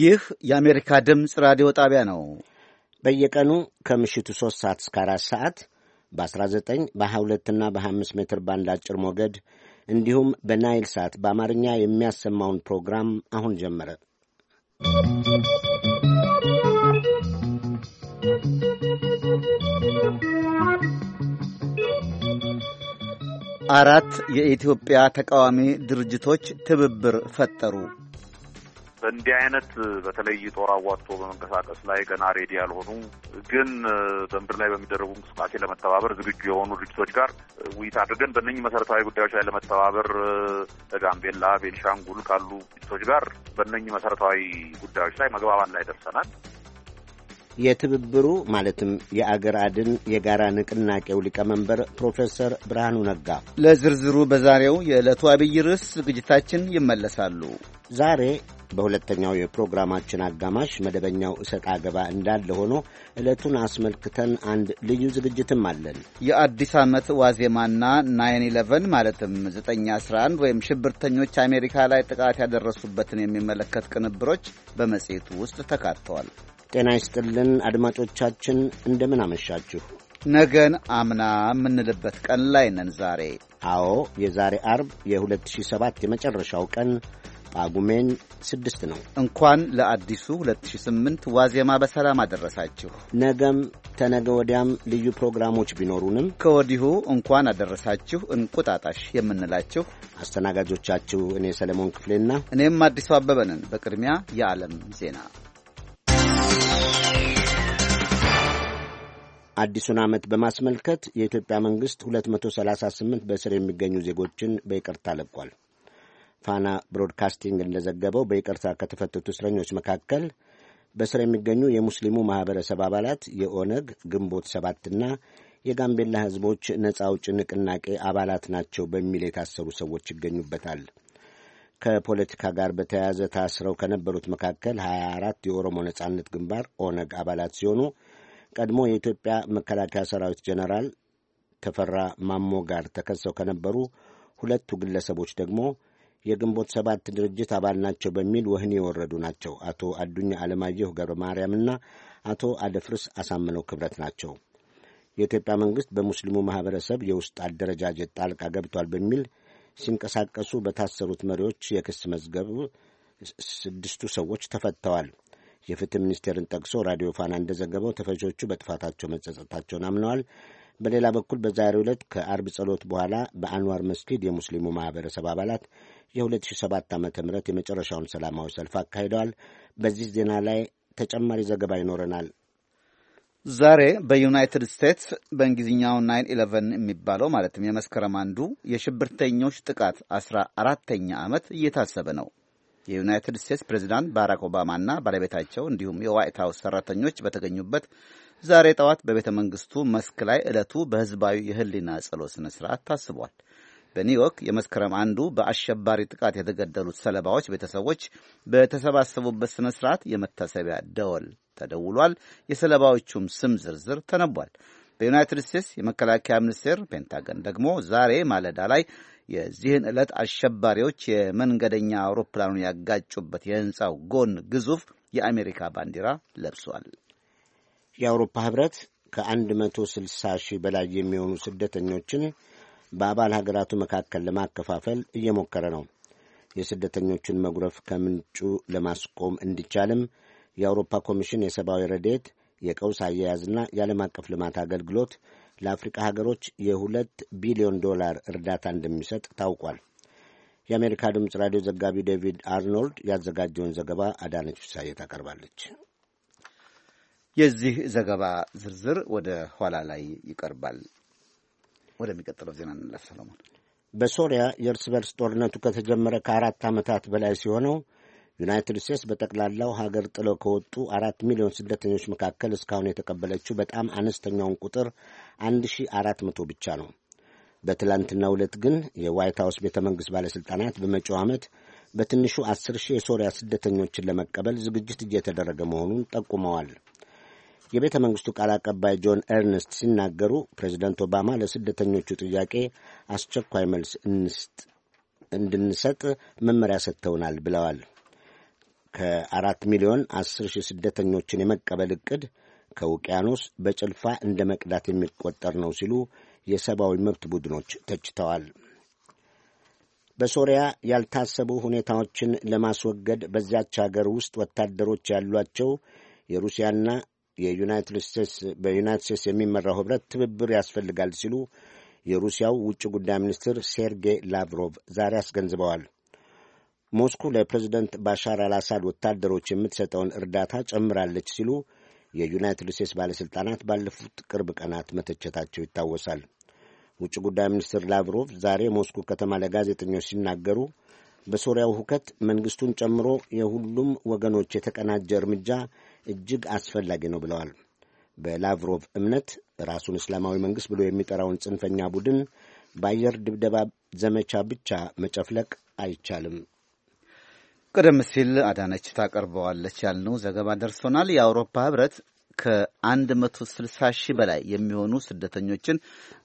ይህ የአሜሪካ ድምፅ ራዲዮ ጣቢያ ነው። በየቀኑ ከምሽቱ 3 ሰዓት እስከ 4 ሰዓት በ19 በ22 እና በ25 ሜትር ባንድ አጭር ሞገድ እንዲሁም በናይል ሳት በአማርኛ የሚያሰማውን ፕሮግራም አሁን ጀመረ። አራት የኢትዮጵያ ተቃዋሚ ድርጅቶች ትብብር ፈጠሩ። በእንዲህ አይነት በተለይ ጦር አዋጥቶ በመንቀሳቀስ ላይ ገና ሬዲ ያልሆኑ ግን በምድር ላይ በሚደረጉ እንቅስቃሴ ለመተባበር ዝግጁ የሆኑ ድርጅቶች ጋር ውይይት አድርገን በእነኝህ መሰረታዊ ጉዳዮች ላይ ለመተባበር ለጋምቤላ፣ ቤንሻንጉል ካሉ ድርጅቶች ጋር በእነኝህ መሰረታዊ ጉዳዮች ላይ መግባባት ላይ ደርሰናል። የትብብሩ ማለትም የአገር አድን የጋራ ንቅናቄው ሊቀመንበር ፕሮፌሰር ብርሃኑ ነጋ። ለዝርዝሩ በዛሬው የዕለቱ አብይ ርዕስ ዝግጅታችን ይመለሳሉ። ዛሬ በሁለተኛው የፕሮግራማችን አጋማሽ መደበኛው እሰጥ አገባ እንዳለ ሆኖ ዕለቱን አስመልክተን አንድ ልዩ ዝግጅትም አለን። የአዲስ ዓመት ዋዜማና ናይን ኢለቨን ማለትም 911 ወይም ሽብርተኞች አሜሪካ ላይ ጥቃት ያደረሱበትን የሚመለከት ቅንብሮች በመጽሔቱ ውስጥ ተካተዋል። ጤና ይስጥልን አድማጮቻችን፣ እንደምን አመሻችሁ። ነገን አምና የምንልበት ቀን ላይ ነን ዛሬ። አዎ የዛሬ አርብ የ2007 የመጨረሻው ቀን ጳጉሜን ስድስት ነው። እንኳን ለአዲሱ 2008 ዋዜማ በሰላም አደረሳችሁ። ነገም ተነገ ወዲያም ልዩ ፕሮግራሞች ቢኖሩንም ከወዲሁ እንኳን አደረሳችሁ እንቁጣጣሽ የምንላችሁ አስተናጋጆቻችሁ እኔ ሰለሞን ክፍሌና እኔም አዲሱ አበበ ነን። በቅድሚያ የዓለም ዜና አዲሱን ዓመት በማስመልከት የኢትዮጵያ መንግሥት 238 በእስር የሚገኙ ዜጎችን በይቅርታ ለቋል። ፋና ብሮድካስቲንግ እንደዘገበው በይቅርታ ከተፈተቱ እስረኞች መካከል በእስር የሚገኙ የሙስሊሙ ማኅበረሰብ አባላት፣ የኦነግ ግንቦት ሰባትና የጋምቤላ ሕዝቦች ነጻ አውጪ ንቅናቄ አባላት ናቸው በሚል የታሰሩ ሰዎች ይገኙበታል። ከፖለቲካ ጋር በተያያዘ ታስረው ከነበሩት መካከል 24 የኦሮሞ ነጻነት ግንባር ኦነግ አባላት ሲሆኑ ቀድሞ የኢትዮጵያ መከላከያ ሰራዊት ጀነራል ተፈራ ማሞ ጋር ተከሰው ከነበሩ ሁለቱ ግለሰቦች ደግሞ የግንቦት ሰባት ድርጅት አባል ናቸው በሚል ወህኒ የወረዱ ናቸው። አቶ አዱኛ አለማየሁ ገብረ ማርያምና አቶ አደፍርስ አሳምነው ክብረት ናቸው። የኢትዮጵያ መንግሥት በሙስሊሙ ማኅበረሰብ የውስጥ አደረጃጀት ጣልቃ ገብቷል በሚል ሲንቀሳቀሱ በታሰሩት መሪዎች የክስ መዝገብ ስድስቱ ሰዎች ተፈተዋል። የፍትህ ሚኒስቴርን ጠቅሶ ራዲዮ ፋና እንደዘገበው ተፈሾቹ በጥፋታቸው መጸጸታቸውን አምነዋል። በሌላ በኩል በዛሬው ዕለት ከአርብ ጸሎት በኋላ በአንዋር መስጊድ የሙስሊሙ ማህበረሰብ አባላት የ2007 ዓ ም የመጨረሻውን ሰላማዊ ሰልፍ አካሂደዋል። በዚህ ዜና ላይ ተጨማሪ ዘገባ ይኖረናል። ዛሬ በዩናይትድ ስቴትስ በእንግሊዝኛው ናይን ኢለቨን የሚባለው ማለትም የመስከረም አንዱ የሽብርተኞች ጥቃት አስራ አራተኛ ዓመት እየታሰበ ነው። የዩናይትድ ስቴትስ ፕሬዚዳንት ባራክ ኦባማና ባለቤታቸው እንዲሁም የዋይት ሀውስ ሰራተኞች በተገኙበት ዛሬ ጠዋት በቤተ መንግስቱ መስክ ላይ ዕለቱ በህዝባዊ የህሊና ጸሎት ስነ ስርዓት ታስቧል። በኒውዮርክ የመስከረም አንዱ በአሸባሪ ጥቃት የተገደሉት ሰለባዎች ቤተሰቦች በተሰባሰቡበት ስነ ስርዓት የመታሰቢያ ደወል ተደውሏል። የሰለባዎቹም ስም ዝርዝር ተነቧል። በዩናይትድ ስቴትስ የመከላከያ ሚኒስቴር ፔንታገን ደግሞ ዛሬ ማለዳ ላይ የዚህን ዕለት አሸባሪዎች የመንገደኛ አውሮፕላኑን ያጋጩበት የሕንፃው ጎን ግዙፍ የአሜሪካ ባንዲራ ለብሷል። የአውሮፓ ኅብረት ከ160 ሺህ በላይ የሚሆኑ ስደተኞችን በአባል ሀገራቱ መካከል ለማከፋፈል እየሞከረ ነው። የስደተኞቹን መጉረፍ ከምንጩ ለማስቆም እንዲቻልም የአውሮፓ ኮሚሽን የሰብአዊ ረድኤት፣ የቀውስ አያያዝና የዓለም አቀፍ ልማት አገልግሎት ለአፍሪካ ሀገሮች የሁለት ቢሊዮን ዶላር እርዳታ እንደሚሰጥ ታውቋል። የአሜሪካ ድምፅ ራዲዮ ዘጋቢ ዴቪድ አርኖልድ ያዘጋጀውን ዘገባ አዳነች ፍሳዬ ታቀርባለች። የዚህ ዘገባ ዝርዝር ወደ ኋላ ላይ ይቀርባል። ወደሚቀጥለው ዜና እንለፍ። ሰለሞን በሶሪያ የእርስ በርስ ጦርነቱ ከተጀመረ ከአራት ዓመታት በላይ ሲሆነው ዩናይትድ ስቴትስ በጠቅላላው ሀገር ጥለው ከወጡ አራት ሚሊዮን ስደተኞች መካከል እስካሁን የተቀበለችው በጣም አነስተኛውን ቁጥር አንድ ሺ አራት መቶ ብቻ ነው። በትላንትናው ዕለት ግን የዋይት ሀውስ ቤተ መንግሥት ባለሥልጣናት በመጪው ዓመት በትንሹ አስር ሺህ የሶሪያ ስደተኞችን ለመቀበል ዝግጅት እየተደረገ መሆኑን ጠቁመዋል። የቤተ መንግሥቱ ቃል አቀባይ ጆን ኤርንስት ሲናገሩ ፕሬዚደንት ኦባማ ለስደተኞቹ ጥያቄ አስቸኳይ መልስ እንስጥ እንድንሰጥ መመሪያ ሰጥተውናል ብለዋል። ከአራት ሚሊዮን አስር ሺህ ስደተኞችን የመቀበል ዕቅድ ከውቅያኖስ በጭልፋ እንደ መቅዳት የሚቆጠር ነው ሲሉ የሰብአዊ መብት ቡድኖች ተችተዋል። በሶሪያ ያልታሰቡ ሁኔታዎችን ለማስወገድ በዚያች አገር ውስጥ ወታደሮች ያሏቸው የሩሲያና የዩናይትድ ስቴትስ በዩናይትድ ስቴትስ የሚመራው ህብረት ትብብር ያስፈልጋል ሲሉ የሩሲያው ውጭ ጉዳይ ሚኒስትር ሴርጌይ ላቭሮቭ ዛሬ አስገንዝበዋል። ሞስኩ ለፕሬዚደንት ባሻር አልአሳድ ወታደሮች የምትሰጠውን እርዳታ ጨምራለች ሲሉ የዩናይትድ ስቴትስ ባለሥልጣናት ባለፉት ቅርብ ቀናት መተቸታቸው ይታወሳል። ውጭ ጉዳይ ሚኒስትር ላቭሮቭ ዛሬ ሞስኩ ከተማ ለጋዜጠኞች ሲናገሩ በሶሪያው ሁከት መንግሥቱን ጨምሮ የሁሉም ወገኖች የተቀናጀ እርምጃ እጅግ አስፈላጊ ነው ብለዋል። በላቭሮቭ እምነት ራሱን እስላማዊ መንግሥት ብሎ የሚጠራውን ጽንፈኛ ቡድን በአየር ድብደባ ዘመቻ ብቻ መጨፍለቅ አይቻልም ቀደም ሲል አዳነች ታቀርበዋለች ያልነው ዘገባ ደርሶናል። የአውሮፓ ህብረት ከ160 ሺህ በላይ የሚሆኑ ስደተኞችን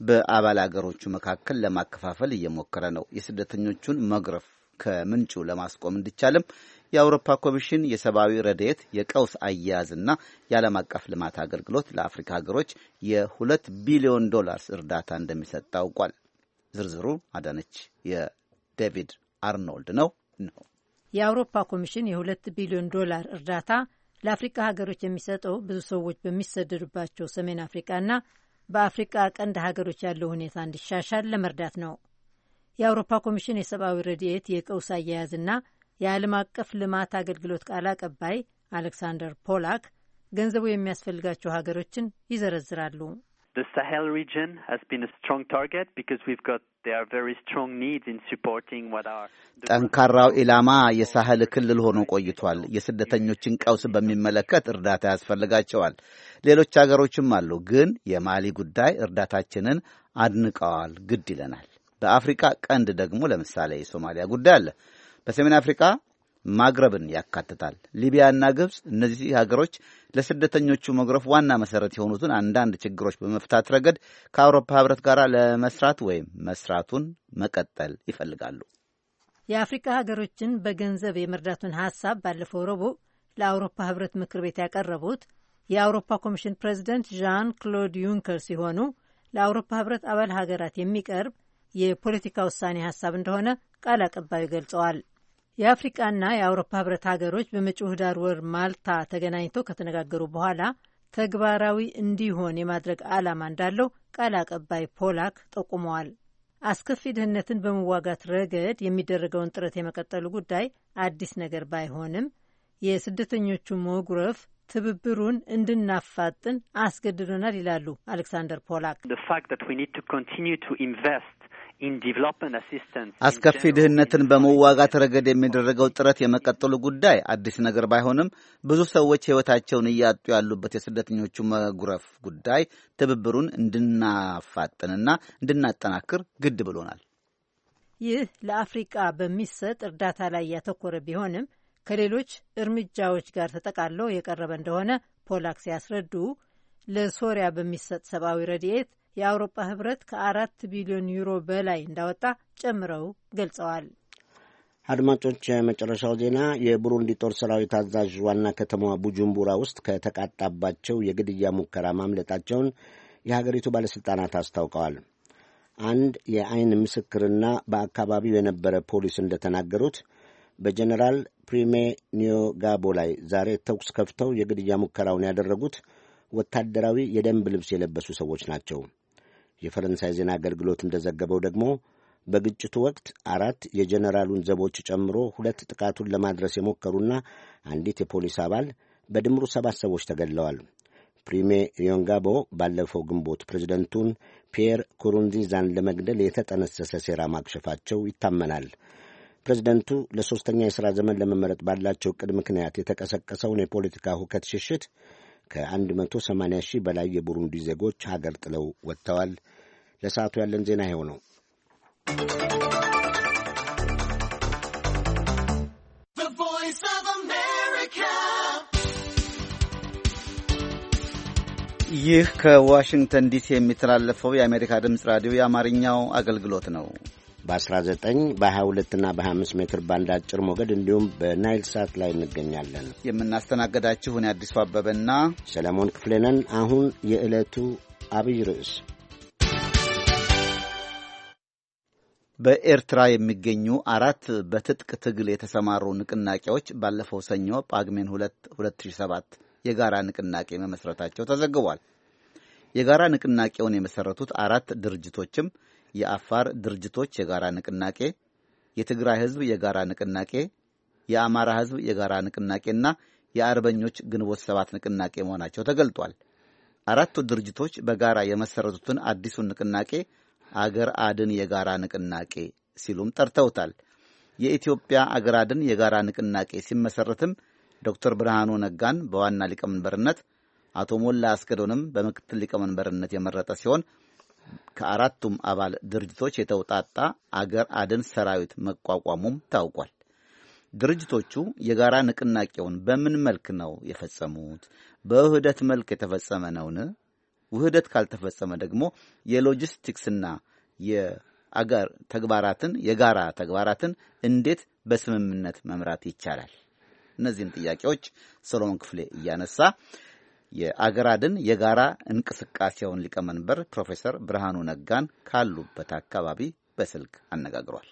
በአባል አገሮቹ መካከል ለማከፋፈል እየሞከረ ነው። የስደተኞቹን መግረፍ ከምንጩ ለማስቆም እንዲቻልም የአውሮፓ ኮሚሽን የሰብአዊ ረድኤት የቀውስ አያያዝና የዓለም አቀፍ ልማት አገልግሎት ለአፍሪካ ሀገሮች የሁለት ቢሊዮን ዶላርስ እርዳታ እንደሚሰጥ ታውቋል። ዝርዝሩ አዳነች የዴቪድ አርኖልድ ነው ነው የአውሮፓ ኮሚሽን የሁለት ቢሊዮን ዶላር እርዳታ ለአፍሪካ ሀገሮች የሚሰጠው ብዙ ሰዎች በሚሰደዱባቸው ሰሜን አፍሪካና በአፍሪቃ ቀንድ ሀገሮች ያለው ሁኔታ እንዲሻሻል ለመርዳት ነው። የአውሮፓ ኮሚሽን የሰብአዊ ረድኤት የቀውስ አያያዝና የዓለም አቀፍ ልማት አገልግሎት ቃል አቀባይ አሌክሳንደር ፖላክ ገንዘቡ የሚያስፈልጋቸው ሀገሮችን ይዘረዝራሉ። The Sahel region has been a strong target because we've got ጠንካራው ኢላማ የሳህል ክልል ሆኖ ቆይቷል። የስደተኞችን ቀውስ በሚመለከት እርዳታ ያስፈልጋቸዋል። ሌሎች አገሮችም አሉ፣ ግን የማሊ ጉዳይ እርዳታችንን አድንቀዋል። ግድ ይለናል። በአፍሪካ ቀንድ ደግሞ ለምሳሌ የሶማሊያ ጉዳይ አለ። በሰሜን አፍሪካ ማግረብን ያካትታል። ሊቢያና ግብፅ እነዚህ ሀገሮች ለስደተኞቹ መጉረፍ ዋና መሰረት የሆኑትን አንዳንድ ችግሮች በመፍታት ረገድ ከአውሮፓ ህብረት ጋር ለመስራት ወይም መስራቱን መቀጠል ይፈልጋሉ። የአፍሪካ ሀገሮችን በገንዘብ የመርዳቱን ሀሳብ ባለፈው ረቡዕ ለአውሮፓ ህብረት ምክር ቤት ያቀረቡት የአውሮፓ ኮሚሽን ፕሬዚደንት ዣን ክሎድ ዩንከር ሲሆኑ ለአውሮፓ ህብረት አባል ሀገራት የሚቀርብ የፖለቲካ ውሳኔ ሀሳብ እንደሆነ ቃል አቀባዩ ገልጸዋል። የአፍሪቃና የአውሮፓ ህብረት ሀገሮች በመጪው ህዳር ወር ማልታ ተገናኝተው ከተነጋገሩ በኋላ ተግባራዊ እንዲሆን የማድረግ ዓላማ እንዳለው ቃል አቀባይ ፖላክ ጠቁመዋል። አስከፊ ድህነትን በመዋጋት ረገድ የሚደረገውን ጥረት የመቀጠሉ ጉዳይ አዲስ ነገር ባይሆንም የስደተኞቹ መጉረፍ ትብብሩን እንድናፋጥን አስገድዶናል ይላሉ አሌክሳንደር ፖላክ። አስከፊ ድህነትን በመዋጋት ረገድ የሚደረገው ጥረት የመቀጠሉ ጉዳይ አዲስ ነገር ባይሆንም ብዙ ሰዎች ሕይወታቸውን እያጡ ያሉበት የስደተኞቹ መጉረፍ ጉዳይ ትብብሩን እንድናፋጥንና እንድናጠናክር ግድ ብሎናል። ይህ ለአፍሪቃ በሚሰጥ እርዳታ ላይ ያተኮረ ቢሆንም ከሌሎች እርምጃዎች ጋር ተጠቃሎ የቀረበ እንደሆነ ፖላክ ሲያስረዱ ለሶሪያ በሚሰጥ ሰብአዊ ረድኤት የአውሮፓ ህብረት ከአራት ቢሊዮን ዩሮ በላይ እንዳወጣ ጨምረው ገልጸዋል። አድማጮች፣ የመጨረሻው ዜና የቡሩንዲ ጦር ሰራዊት አዛዥ ዋና ከተማዋ ቡጁምቡራ ውስጥ ከተቃጣባቸው የግድያ ሙከራ ማምለጣቸውን የሀገሪቱ ባለሥልጣናት አስታውቀዋል። አንድ የአይን ምስክርና በአካባቢው የነበረ ፖሊስ እንደተናገሩት በጀነራል ፕሪሜ ኒዮጋቦ ላይ ዛሬ ተኩስ ከፍተው የግድያ ሙከራውን ያደረጉት ወታደራዊ የደንብ ልብስ የለበሱ ሰዎች ናቸው። የፈረንሳይ ዜና አገልግሎት እንደዘገበው ደግሞ በግጭቱ ወቅት አራት የጀኔራሉን ዘቦች ጨምሮ ሁለት ጥቃቱን ለማድረስ የሞከሩና አንዲት የፖሊስ አባል በድምሩ ሰባት ሰዎች ተገድለዋል። ፕሪሜ ዮንጋቦ ባለፈው ግንቦት ፕሬዚደንቱን ፒየር ኩሩንዚዛን ለመግደል የተጠነሰሰ ሴራ ማክሸፋቸው ይታመናል። ፕሬዚደንቱ ለሦስተኛ የሥራ ዘመን ለመመረጥ ባላቸው ቅድ ምክንያት የተቀሰቀሰውን የፖለቲካ ሁከት ሽሽት ከ180 ሺህ በላይ የቡሩንዲ ዜጎች ሀገር ጥለው ወጥተዋል። ለሰዓቱ ያለን ዜና ይኸው ነው። ይህ ከዋሽንግተን ዲሲ የሚተላለፈው የአሜሪካ ድምፅ ራዲዮ የአማርኛው አገልግሎት ነው። በ19 በ22 እና በ25 ሜትር ባንድ አጭር ሞገድ እንዲሁም በናይል ሳት ላይ እንገኛለን። የምናስተናግዳችሁ አዲሱ አበበና ሰለሞን ክፍሌ ነን። አሁን የዕለቱ አብይ ርዕስ በኤርትራ የሚገኙ አራት በትጥቅ ትግል የተሰማሩ ንቅናቄዎች ባለፈው ሰኞ ጳግሜን 2 2007 የጋራ ንቅናቄ መመስረታቸው ተዘግቧል። የጋራ ንቅናቄውን የመሰረቱት አራት ድርጅቶችም የአፋር ድርጅቶች የጋራ ንቅናቄ፣ የትግራይ ሕዝብ የጋራ ንቅናቄ፣ የአማራ ሕዝብ የጋራ ንቅናቄና የአርበኞች ግንቦት ሰባት ንቅናቄ መሆናቸው ተገልጧል። አራቱ ድርጅቶች በጋራ የመሰረቱትን አዲሱን ንቅናቄ አገር አድን የጋራ ንቅናቄ ሲሉም ጠርተውታል። የኢትዮጵያ አገር አድን የጋራ ንቅናቄ ሲመሰረትም ዶክተር ብርሃኑ ነጋን በዋና ሊቀመንበርነት አቶ ሞላ አስገዶንም በምክትል ሊቀመንበርነት የመረጠ ሲሆን ከአራቱም አባል ድርጅቶች የተውጣጣ አገር አድን ሰራዊት መቋቋሙም ታውቋል። ድርጅቶቹ የጋራ ንቅናቄውን በምን መልክ ነው የፈጸሙት? በውህደት መልክ የተፈጸመ ነውን? ውህደት ካልተፈጸመ ደግሞ የሎጂስቲክስና የአገር ተግባራትን የጋራ ተግባራትን እንዴት በስምምነት መምራት ይቻላል? እነዚህን ጥያቄዎች ሰሎሞን ክፍሌ እያነሳ የአገራድን የጋራ እንቅስቃሴውን ሊቀመንበር ፕሮፌሰር ብርሃኑ ነጋን ካሉበት አካባቢ በስልክ አነጋግሯል።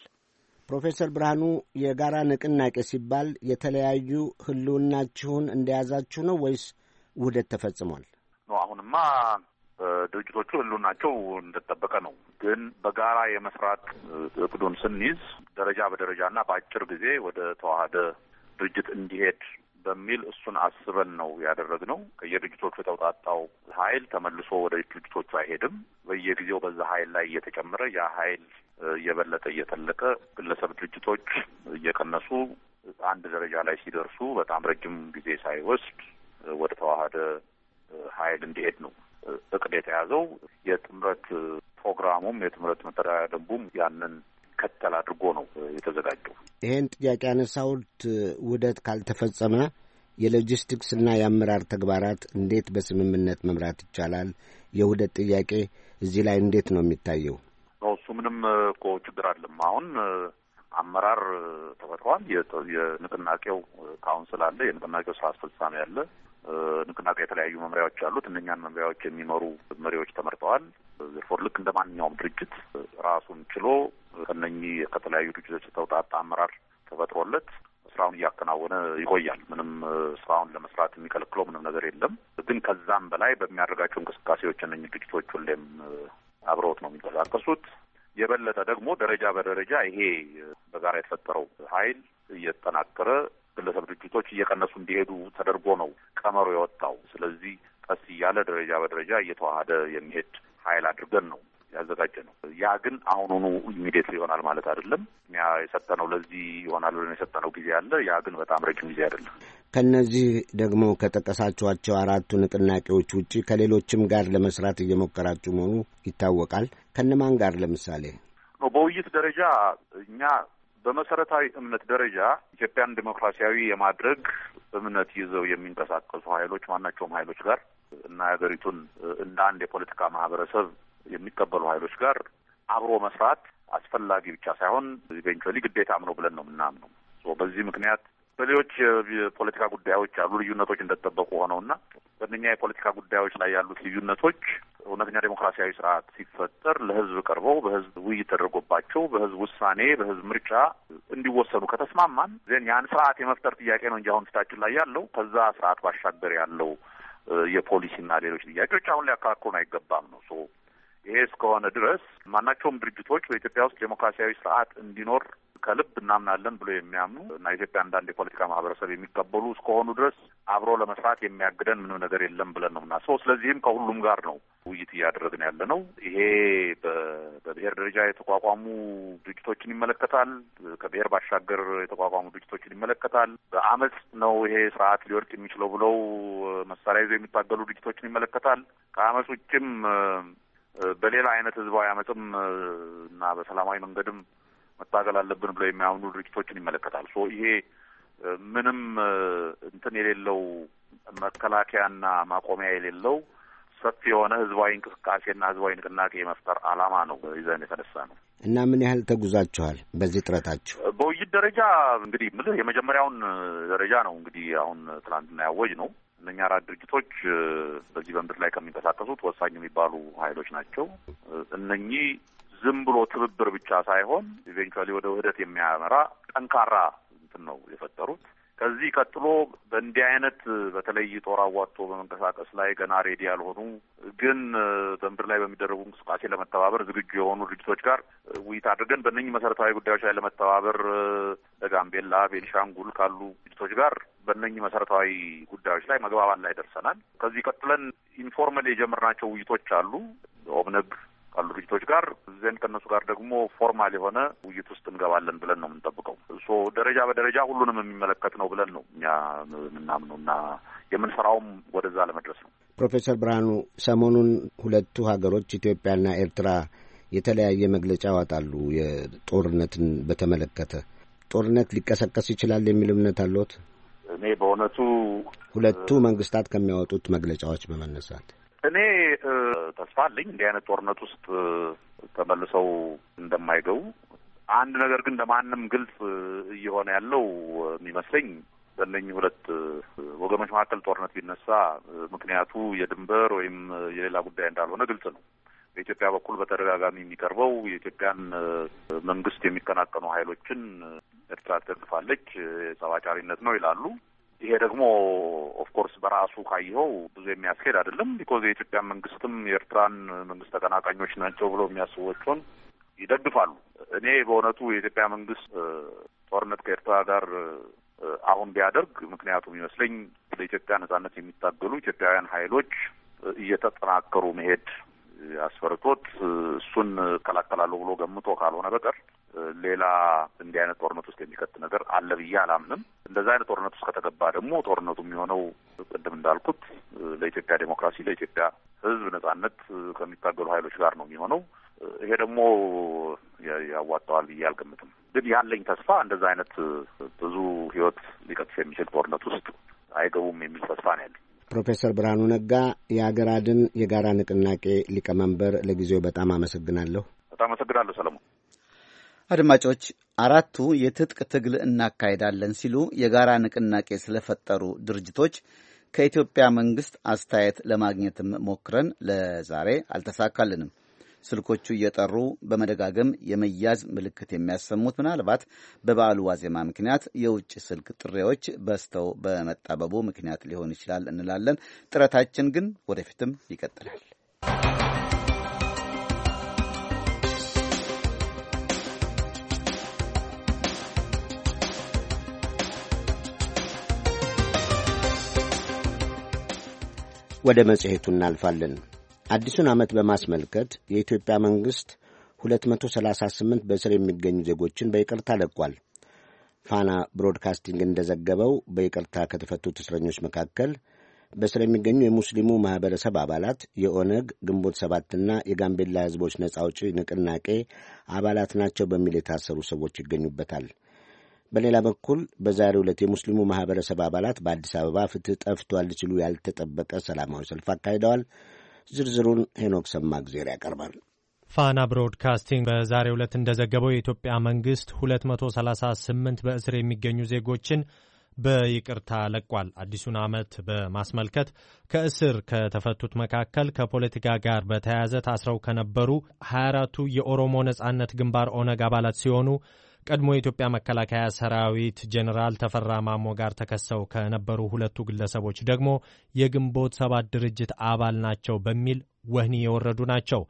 ፕሮፌሰር ብርሃኑ የጋራ ንቅናቄ ሲባል የተለያዩ ህልውናችሁን እንደያዛችሁ ነው ወይስ ውህደት ተፈጽሟል? አሁንማ ድርጅቶቹ ህልውናቸው እንደተጠበቀ ነው። ግን በጋራ የመስራት እቅዱን ስንይዝ ደረጃ በደረጃና በአጭር ጊዜ ወደ ተዋህደ ድርጅት እንዲሄድ በሚል እሱን አስበን ነው ያደረግነው። ከየድርጅቶቹ የተውጣጣው ኃይል ተመልሶ ወደ ድርጅቶቹ አይሄድም። በየጊዜው በዛ ኃይል ላይ እየተጨመረ ያ ኃይል እየበለጠ እየተለቀ ግለሰብ ድርጅቶች እየቀነሱ አንድ ደረጃ ላይ ሲደርሱ በጣም ረጅም ጊዜ ሳይወስድ ወደ ተዋህደ ኃይል እንዲሄድ ነው እቅድ የተያዘው የጥምረት ፕሮግራሙም የጥምረት መተዳደሪያ ደንቡም ያንን ከተል አድርጎ ነው የተዘጋጀው። ይህን ጥያቄ ያነሳሁት ውህደት ካልተፈጸመ እና የአመራር ተግባራት እንዴት በስምምነት መምራት ይቻላል? የውህደት ጥያቄ እዚህ ላይ እንዴት ነው የሚታየው? እሱ ምንም እኮ ችግር አለም። አሁን አመራር ተፈጥሯል። የንቅናቄው ካውንስል አለ። የንቅናቄው ስራ አስፈጻሚ አለ። ንቅናቄ የተለያዩ መምሪያዎች አሉት። እነኛን መምሪያዎች የሚመሩ መሪዎች ተመርጠዋል። ዘርፎር ልክ እንደ ማንኛውም ድርጅት ራሱን ችሎ ከነኚህ ከተለያዩ ድርጅቶች የተውጣጣ አመራር ተፈጥሮለት ስራውን እያከናወነ ይቆያል። ምንም ስራውን ለመስራት የሚከለክለው ምንም ነገር የለም። ግን ከዛም በላይ በሚያደርጋቸው እንቅስቃሴዎች እነ ድርጅቶች ሁሌም አብረውት ነው የሚንቀሳቀሱት። የበለጠ ደግሞ ደረጃ በደረጃ ይሄ በጋራ የተፈጠረው ኃይል እየተጠናከረ ግለሰብ ድርጅቶች እየቀነሱ እንዲሄዱ ተደርጎ ነው ቀመሩ የወጣው። ስለዚህ ቀስ እያለ ደረጃ በደረጃ እየተዋሃደ የሚሄድ ኃይል አድርገን ነው ያዘጋጀ ነው። ያ ግን አሁኑኑ ኢሚዲየትሊ ይሆናል ማለት አይደለም። ያ የሰጠነው ለዚህ ይሆናል ብለን የሰጠነው ጊዜ አለ። ያ ግን በጣም ረጅም ጊዜ አይደለም። ከእነዚህ ደግሞ ከጠቀሳችኋቸው አራቱ ንቅናቄዎች ውጭ ከሌሎችም ጋር ለመስራት እየሞከራችሁ መሆኑ ይታወቃል። ከነማን ጋር ለምሳሌ? በውይይት ደረጃ እኛ በመሰረታዊ እምነት ደረጃ ኢትዮጵያን ዲሞክራሲያዊ የማድረግ እምነት ይዘው የሚንቀሳቀሱ ኃይሎች ማናቸውም ኃይሎች ጋር እና ሀገሪቱን እንደ አንድ የፖለቲካ ማህበረሰብ የሚቀበሉ ኃይሎች ጋር አብሮ መስራት አስፈላጊ ብቻ ሳይሆን ኢቬንቹዋሊ ግዴታም ነው ብለን ነው የምናምነው። በዚህ ምክንያት በሌሎች የፖለቲካ ጉዳዮች አሉ ልዩነቶች እንደተጠበቁ ሆነው እና በእነኛ የፖለቲካ ጉዳዮች ላይ ያሉት ልዩነቶች እውነተኛ ዴሞክራሲያዊ ስርዓት ሲፈጠር ለህዝብ ቀርበው በህዝብ ውይይት ተደርጎባቸው በህዝብ ውሳኔ በህዝብ ምርጫ እንዲወሰኑ ከተስማማን ዜን ያን ስርዓት የመፍጠር ጥያቄ ነው እንጂ አሁን ፊታችን ላይ ያለው ከዛ ስርዓት ባሻገር ያለው የፖሊሲና ሌሎች ጥያቄዎች አሁን ሊያከራክሩን አይገባም ነው ይሄ እስከሆነ ድረስ ማናቸውም ድርጅቶች በኢትዮጵያ ውስጥ ዴሞክራሲያዊ ስርዓት እንዲኖር ከልብ እናምናለን ብሎ የሚያምኑ እና ኢትዮጵያ አንዳንድ የፖለቲካ ማህበረሰብ የሚቀበሉ እስከሆኑ ድረስ አብሮ ለመስራት የሚያግደን ምንም ነገር የለም ብለን ነው የምናስበው። ስለዚህም ከሁሉም ጋር ነው ውይይት እያደረግን ያለ ነው። ይሄ በብሔር ደረጃ የተቋቋሙ ድርጅቶችን ይመለከታል። ከብሔር ባሻገር የተቋቋሙ ድርጅቶችን ይመለከታል። በአመፅ ነው ይሄ ስርዓት ሊወድቅ የሚችለው ብለው መሳሪያ ይዘው የሚታገሉ ድርጅቶችን ይመለከታል። ከአመፅ ውጭም በሌላ አይነት ህዝባዊ አመፅም እና በሰላማዊ መንገድም መታገል አለብን ብለው የሚያምኑ ድርጅቶችን ይመለከታል። ሶ ይሄ ምንም እንትን የሌለው መከላከያና ማቆሚያ የሌለው ሰፊ የሆነ ህዝባዊ እንቅስቃሴና ህዝባዊ ንቅናቄ የመፍጠር አላማ ነው ይዘን የተነሳ ነው። እና ምን ያህል ተጉዛችኋል በዚህ ጥረታችሁ? በውይይት ደረጃ እንግዲህ ምልህ የመጀመሪያውን ደረጃ ነው እንግዲህ አሁን ትናንትና ያወጅ ነው እነኛ አራት ድርጅቶች በዚህ በምድር ላይ ከሚንቀሳቀሱት ወሳኝ የሚባሉ ሀይሎች ናቸው። እነኚህ ዝም ብሎ ትብብር ብቻ ሳይሆን ኢቬንቹዋሊ ወደ ውህደት የሚያመራ ጠንካራ እንትን ነው የፈጠሩት። ከዚህ ቀጥሎ በእንዲህ አይነት በተለይ ጦር አዋጥቶ በመንቀሳቀስ ላይ ገና ሬዲ ያልሆኑ ግን በምድር ላይ በሚደረጉ እንቅስቃሴ ለመተባበር ዝግጁ የሆኑ ድርጅቶች ጋር ውይይት አድርገን በእነኝህ መሰረታዊ ጉዳዮች ላይ ለመተባበር ለጋምቤላ፣ ቤንሻንጉል ካሉ ድርጅቶች ጋር በእነኝህ መሰረታዊ ጉዳዮች ላይ መግባባት ላይ ደርሰናል። ከዚህ ቀጥለን ኢንፎርመል የጀመርናቸው ውይይቶች አሉ። ኦብነግ ካሉ ድርጅቶች ጋር ዘን ከእነሱ ጋር ደግሞ ፎርማል የሆነ ውይይት ውስጥ እንገባለን ብለን ነው የምንጠብቀው። እሶ ደረጃ በደረጃ ሁሉንም የሚመለከት ነው ብለን ነው እኛ የምናምነው እና የምንሰራውም ወደዛ ለመድረስ ነው። ፕሮፌሰር ብርሃኑ ሰሞኑን ሁለቱ ሀገሮች ኢትዮጵያና ኤርትራ የተለያየ መግለጫ ያወጣሉ የጦርነትን በተመለከተ ጦርነት ሊቀሰቀስ ይችላል የሚል እምነት አለዎት? እኔ በእውነቱ ሁለቱ መንግስታት ከሚያወጡት መግለጫዎች በመነሳት እኔ ተስፋ አለኝ። እንዲህ አይነት ጦርነት ውስጥ ተመልሰው እንደማይገቡ አንድ ነገር ግን ለማንም ግልጽ እየሆነ ያለው የሚመስለኝ በእነኝህ ሁለት ወገኖች መካከል ጦርነት ቢነሳ ምክንያቱ የድንበር ወይም የሌላ ጉዳይ እንዳልሆነ ግልጽ ነው። በኢትዮጵያ በኩል በተደጋጋሚ የሚቀርበው የኢትዮጵያን መንግስት የሚቀናቀኑ ኃይሎችን ኤርትራ ትደግፋለች፣ ጸባጫሪነት ነው ይላሉ። ይሄ ደግሞ ኦፍኮርስ በራሱ ካየኸው ብዙ የሚያስኬድ አይደለም። ቢኮዝ የኢትዮጵያ መንግስትም የኤርትራን መንግስት ተቀናቃኞች ናቸው ብሎ የሚያስቦቸውን ይደግፋሉ። እኔ በእውነቱ የኢትዮጵያ መንግስት ጦርነት ከኤርትራ ጋር አሁን ቢያደርግ ምክንያቱም ይመስለኝ ለኢትዮጵያ ነጻነት የሚታገሉ ኢትዮጵያውያን ሀይሎች እየተጠናከሩ መሄድ አስፈርቶት እሱን እከላከላለሁ ብሎ ገምቶ ካልሆነ በቀር ሌላ እንዲህ አይነት ጦርነት ውስጥ የሚከት ነገር አለ ብዬ አላምንም። እንደዚህ አይነት ጦርነት ውስጥ ከተገባ ደግሞ ጦርነቱ የሚሆነው ቅድም እንዳልኩት ለኢትዮጵያ ዴሞክራሲ፣ ለኢትዮጵያ ሕዝብ ነጻነት ከሚታገሉ ኃይሎች ጋር ነው የሚሆነው። ይሄ ደግሞ ያዋጣዋል ብዬ አልገምትም። ግን ያለኝ ተስፋ እንደዚህ አይነት ብዙ ሕይወት ሊቀጥፍ የሚችል ጦርነት ውስጥ አይገቡም የሚል ተስፋ ነው ያለኝ። ፕሮፌሰር ብርሃኑ ነጋ የሀገር አድን የጋራ ንቅናቄ ሊቀመንበር፣ ለጊዜው በጣም አመሰግናለሁ። በጣም አመሰግናለሁ ሰለሞን። አድማጮች አራቱ የትጥቅ ትግል እናካሄዳለን ሲሉ የጋራ ንቅናቄ ስለፈጠሩ ድርጅቶች ከኢትዮጵያ መንግስት አስተያየት ለማግኘትም ሞክረን ለዛሬ አልተሳካልንም። ስልኮቹ እየጠሩ በመደጋገም የመያዝ ምልክት የሚያሰሙት ምናልባት በበዓሉ ዋዜማ ምክንያት የውጭ ስልክ ጥሪዎች በዝተው በመጣበቡ ምክንያት ሊሆን ይችላል እንላለን። ጥረታችን ግን ወደፊትም ይቀጥላል። ወደ መጽሔቱ እናልፋለን። አዲሱን ዓመት በማስመልከት የኢትዮጵያ መንግሥት 238 በእስር የሚገኙ ዜጎችን በይቅርታ ለቋል። ፋና ብሮድካስቲንግ እንደዘገበው በይቅርታ ከተፈቱት እስረኞች መካከል በእስር የሚገኙ የሙስሊሙ ማኅበረሰብ አባላት፣ የኦነግ ግንቦት ሰባትና የጋምቤላ ሕዝቦች ነጻ አውጪ ንቅናቄ አባላት ናቸው በሚል የታሰሩ ሰዎች ይገኙበታል። በሌላ በኩል በዛሬው ዕለት የሙስሊሙ ማህበረሰብ አባላት በአዲስ አበባ ፍትህ ጠፍቷል ሲሉ ያልተጠበቀ ሰላማዊ ሰልፍ አካሂደዋል። ዝርዝሩን ሄኖክ ሰማግዜር ያቀርባል። ፋና ብሮድካስቲንግ በዛሬው ዕለት እንደዘገበው የኢትዮጵያ መንግስት 238 በእስር የሚገኙ ዜጎችን በይቅርታ ለቋል። አዲሱን ዓመት በማስመልከት ከእስር ከተፈቱት መካከል ከፖለቲካ ጋር በተያያዘ ታስረው ከነበሩ 24ቱ የኦሮሞ ነጻነት ግንባር ኦነግ አባላት ሲሆኑ ቀድሞ የኢትዮጵያ መከላከያ ሰራዊት ጀኔራል ተፈራ ማሞ ጋር ተከሰው ከነበሩ ሁለቱ ግለሰቦች ደግሞ የግንቦት ሰባት ድርጅት አባል ናቸው በሚል ወህኒ የወረዱ ናቸው።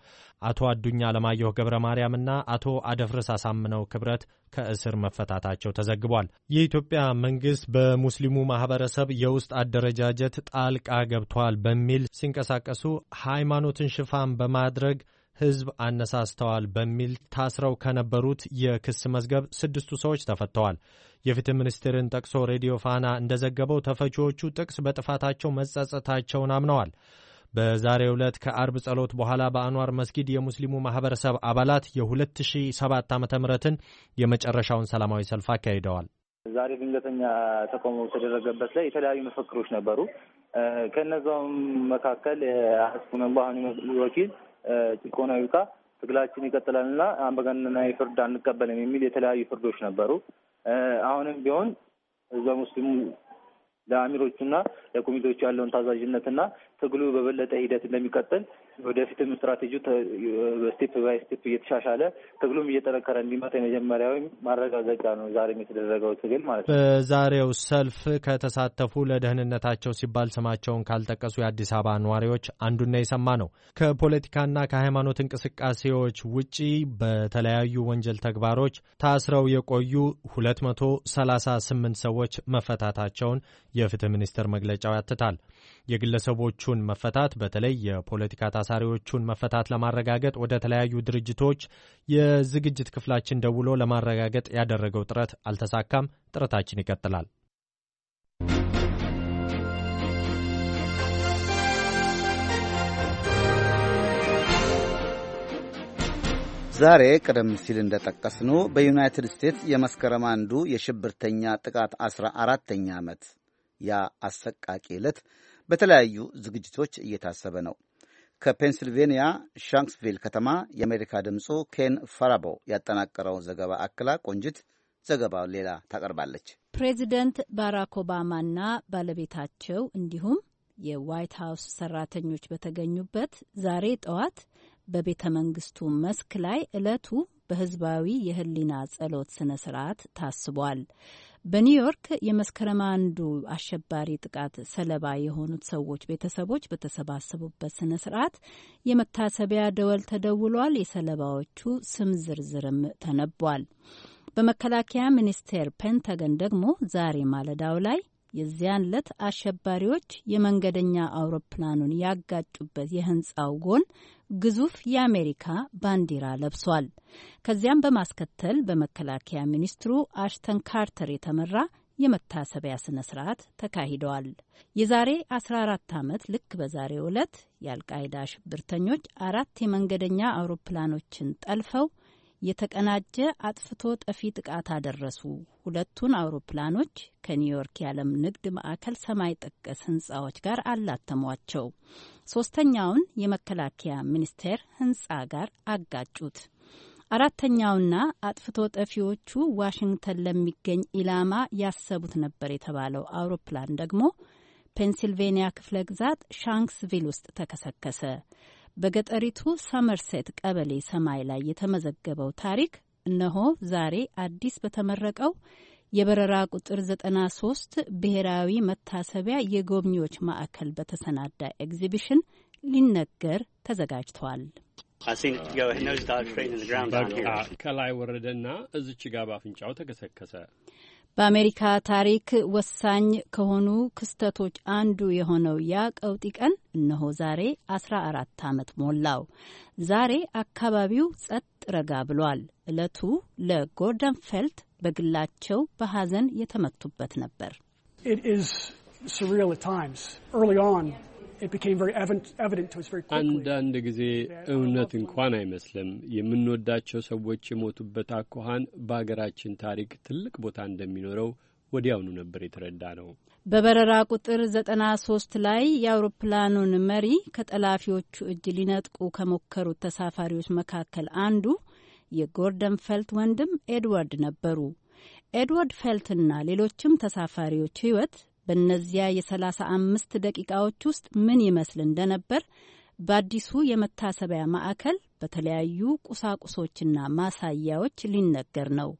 አቶ አዱኛ አለማየሁ ገብረ እና አቶ አደፍርስ አሳምነው ክብረት ከእስር መፈታታቸው ተዘግቧል። የኢትዮጵያ መንግስት በሙስሊሙ ማህበረሰብ የውስጥ አደረጃጀት ጣልቃ ገብቷል በሚል ሲንቀሳቀሱ ሃይማኖትን ሽፋን በማድረግ ህዝብ አነሳስተዋል በሚል ታስረው ከነበሩት የክስ መዝገብ ስድስቱ ሰዎች ተፈተዋል። የፍትህ ሚኒስቴርን ጠቅሶ ሬዲዮ ፋና እንደዘገበው ተፈቺዎቹ ጥቅስ በጥፋታቸው መጸጸታቸውን አምነዋል። በዛሬ ዕለት ከአርብ ጸሎት በኋላ በአንዋር መስጊድ የሙስሊሙ ማህበረሰብ አባላት የ2007 ምትን የመጨረሻውን ሰላማዊ ሰልፍ አካሂደዋል። ዛሬ ድንገተኛ ተቃውሞ በተደረገበት ላይ የተለያዩ መፈክሮች ነበሩ። ከነዛውም መካከል ሐስቡነላህ ወኪል ጭቆና ይውጣ፣ ትግላችን ይቀጥላል አምባገነናዊ ፍርድ አንቀበልም የሚል የተለያዩ ፍርዶች ነበሩ። አሁንም ቢሆን እዛ ሙስሊሙ ለአሚሮቹና ለኮሚቴዎቹ ያለውን ታዛዥነትና ትግሉ በበለጠ ሂደት እንደሚቀጥል ወደፊትም ስትራቴጂ በስቴፕ ባይ ስቴፕ እየተሻሻለ ትግሉም እየጠነከረ እንዲመጣ የመጀመሪያዊ ማረጋገጫ ነው ዛሬም የተደረገው ትግል ማለት ነው። በዛሬው ሰልፍ ከተሳተፉ ለደህንነታቸው ሲባል ስማቸውን ካልጠቀሱ የአዲስ አበባ ነዋሪዎች አንዱና የሰማ ነው። ከፖለቲካና ከሃይማኖት እንቅስቃሴዎች ውጪ በተለያዩ ወንጀል ተግባሮች ታስረው የቆዩ 238 ሰዎች መፈታታቸውን የፍትህ ሚኒስቴር መግለጫው ያትታል። የግለሰቦቹን መፈታት በተለይ የፖለቲካ ታሳሪዎቹን መፈታት ለማረጋገጥ ወደ ተለያዩ ድርጅቶች የዝግጅት ክፍላችን ደውሎ ለማረጋገጥ ያደረገው ጥረት አልተሳካም። ጥረታችን ይቀጥላል። ዛሬ ቀደም ሲል እንደጠቀስነው በዩናይትድ ስቴትስ የመስከረም አንዱ የሽብርተኛ ጥቃት አስራ አራተኛ ዓመት ያ አሰቃቂ ዕለት በተለያዩ ዝግጅቶች እየታሰበ ነው። ከፔንስልቬንያ ሻንክስቪል ከተማ የአሜሪካ ድምፁ ኬን ፈራቦ ያጠናቀረው ዘገባ አክላ ቆንጅት ዘገባውን ሌላ ታቀርባለች። ፕሬዚደንት ባራክ ኦባማና ባለቤታቸው እንዲሁም የዋይት ሀውስ ሰራተኞች በተገኙበት ዛሬ ጠዋት በቤተ መንግስቱ መስክ ላይ ዕለቱ በህዝባዊ የህሊና ጸሎት ስነ ስርዓት ታስቧል። በኒውዮርክ የመስከረም አንዱ አሸባሪ ጥቃት ሰለባ የሆኑት ሰዎች ቤተሰቦች በተሰባሰቡበት ስነ ስርዓት የመታሰቢያ ደወል ተደውሏል። የሰለባዎቹ ስም ዝርዝርም ተነቧል። በመከላከያ ሚኒስቴር ፔንታገን ደግሞ ዛሬ ማለዳው ላይ የዚያን ዕለት አሸባሪዎች የመንገደኛ አውሮፕላኑን ያጋጩበት የህንፃው ጎን ግዙፍ የአሜሪካ ባንዲራ ለብሷል። ከዚያም በማስከተል በመከላከያ ሚኒስትሩ አሽተን ካርተር የተመራ የመታሰቢያ ስነ ስርዓት ተካሂደዋል። የዛሬ 14 ዓመት ልክ በዛሬው ዕለት የአልቃይዳ ሽብርተኞች አራት የመንገደኛ አውሮፕላኖችን ጠልፈው የተቀናጀ አጥፍቶ ጠፊ ጥቃት አደረሱ። ሁለቱን አውሮፕላኖች ከኒውዮርክ የዓለም ንግድ ማዕከል ሰማይ ጠቀስ ህንጻዎች ጋር አላተሟቸው። ሶስተኛውን የመከላከያ ሚኒስቴር ህንጻ ጋር አጋጩት። አራተኛውና አጥፍቶ ጠፊዎቹ ዋሽንግተን ለሚገኝ ኢላማ ያሰቡት ነበር የተባለው አውሮፕላን ደግሞ ፔንሲልቬንያ ክፍለ ግዛት ሻንክስቪል ውስጥ ተከሰከሰ። በገጠሪቱ ሰመርሴት ቀበሌ ሰማይ ላይ የተመዘገበው ታሪክ እነሆ ዛሬ አዲስ በተመረቀው የበረራ ቁጥር 93 ብሔራዊ መታሰቢያ የጎብኚዎች ማዕከል በተሰናዳ ኤግዚቢሽን ሊነገር ተዘጋጅቷል። ከላይ ወረደና እዚች ጋር ባፍንጫው ተከሰከሰ። በአሜሪካ ታሪክ ወሳኝ ከሆኑ ክስተቶች አንዱ የሆነው ያ ቀውጢ ቀን እነሆ ዛሬ 14 ዓመት ሞላው። ዛሬ አካባቢው ጸጥ ረጋ ብሏል። ዕለቱ ለጎርደን ፌልት በግላቸው በሐዘን የተመቱበት ነበር። አንዳንድ ጊዜ እውነት እንኳን አይመስልም። የምንወዳቸው ሰዎች የሞቱበት አኳኋን በሀገራችን ታሪክ ትልቅ ቦታ እንደሚኖረው ወዲያውኑ ነበር የተረዳ ነው። በበረራ ቁጥር ዘጠና ሶስት ላይ የአውሮፕላኑን መሪ ከጠላፊዎቹ እጅ ሊነጥቁ ከሞከሩት ተሳፋሪዎች መካከል አንዱ የጎርደን ፈልት ወንድም ኤድዋርድ ነበሩ። ኤድዋርድ ፌልትና ሌሎችም ተሳፋሪዎች ሕይወት በእነዚያ የሰላሳ አምስት ደቂቃዎች ውስጥ ምን ይመስል እንደነበር በአዲሱ የመታሰቢያ ማዕከል በተለያዩ ቁሳቁሶችና ማሳያዎች ሊነገር ነው።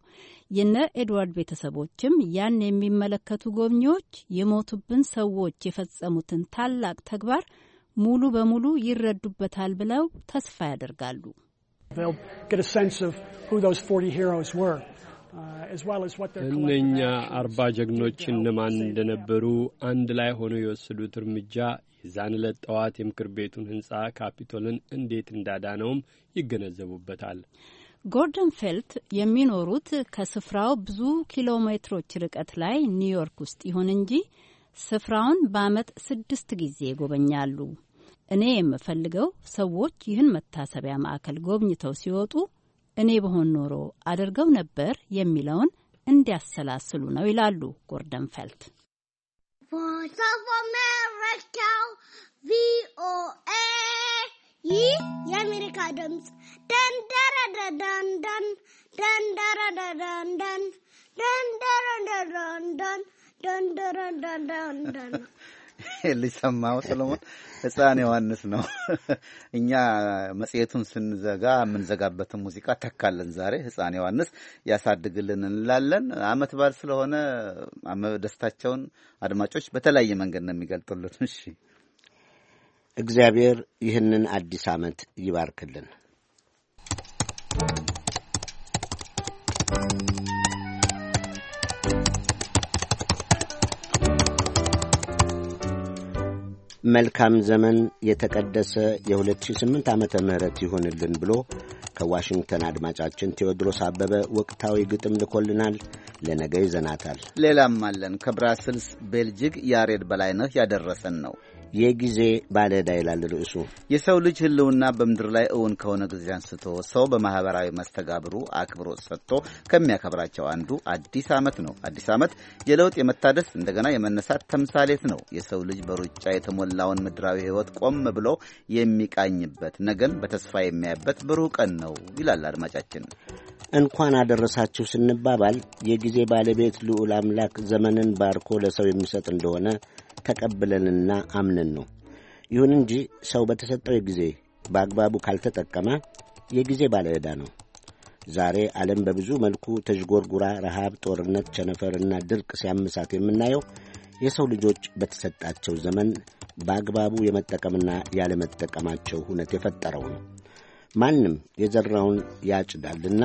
የነ ኤድዋርድ ቤተሰቦችም ያን የሚመለከቱ ጎብኚዎች የሞቱብን ሰዎች የፈጸሙትን ታላቅ ተግባር ሙሉ በሙሉ ይረዱበታል ብለው ተስፋ ያደርጋሉ። Uh, እነኛ አርባ ጀግኖች እነማን እንደነበሩ አንድ ላይ ሆኖ የወሰዱት እርምጃ የዛን ዕለት ጠዋት የምክር ቤቱን ህንጻ ካፒቶልን እንዴት እንዳዳነውም ይገነዘቡበታል። ጎርደን ፌልት የሚኖሩት ከስፍራው ብዙ ኪሎ ሜትሮች ርቀት ላይ ኒውዮርክ ውስጥ ይሁን እንጂ ስፍራውን በአመት ስድስት ጊዜ ይጎበኛሉ። እኔ የምፈልገው ሰዎች ይህን መታሰቢያ ማዕከል ጎብኝተው ሲወጡ እኔ በሆን ኖሮ አድርገው ነበር የሚለውን እንዲያሰላስሉ ነው ይላሉ ጎርደን ፈልት። ቪኦኤ ይህ የአሜሪካ ድምፅ ደንደረደንደን ደንደረደንደን ሊሰማው ሰሎሞን ህፃን ዮሐንስ ነው። እኛ መጽሔቱን ስንዘጋ የምንዘጋበትን ሙዚቃ ተካለን። ዛሬ ህፃን ዮሐንስ ያሳድግልን እንላለን። አመት በዓል ስለሆነ ደስታቸውን አድማጮች በተለያየ መንገድ ነው የሚገልጡልን። እሺ፣ እግዚአብሔር ይህንን አዲስ አመት ይባርክልን። መልካም ዘመን የተቀደሰ የ2008 ዓመተ ምህረት ይሁንልን ብሎ ከዋሽንግተን አድማጫችን ቴዎድሮስ አበበ ወቅታዊ ግጥም ልኮልናል። ለነገ ይዘናታል። ሌላም አለን። ከብራስልስ ቤልጅግ ያሬድ በላይነህ ያደረሰን ነው። የጊዜ ባለዕዳ ይላል ርዕሱ። የሰው ልጅ ሕልውና በምድር ላይ እውን ከሆነ ጊዜ አንስቶ ሰው በማህበራዊ መስተጋብሩ አክብሮት ሰጥቶ ከሚያከብራቸው አንዱ አዲስ ዓመት ነው። አዲስ ዓመት የለውጥ የመታደስ እንደገና የመነሳት ተምሳሌት ነው። የሰው ልጅ በሩጫ የተሞላውን ምድራዊ ሕይወት ቆም ብሎ የሚቃኝበት፣ ነገን በተስፋ የሚያይበት ብሩህ ቀን ነው ይላል አድማጫችን። እንኳን አደረሳችሁ ስንባባል የጊዜ ባለቤት ልዑል አምላክ ዘመንን ባርኮ ለሰው የሚሰጥ እንደሆነ ተቀብለንና አምነን ነው። ይሁን እንጂ ሰው በተሰጠው ጊዜ በአግባቡ ካልተጠቀመ የጊዜ ባለዕዳ ነው። ዛሬ ዓለም በብዙ መልኩ ተዥጎርጉራ ረሃብ፣ ጦርነት፣ ቸነፈርና ድርቅ ሲያምሳት የምናየው የሰው ልጆች በተሰጣቸው ዘመን በአግባቡ የመጠቀምና ያለመጠቀማቸው ሁነት የፈጠረው ነው። ማንም የዘራውን ያጭዳልና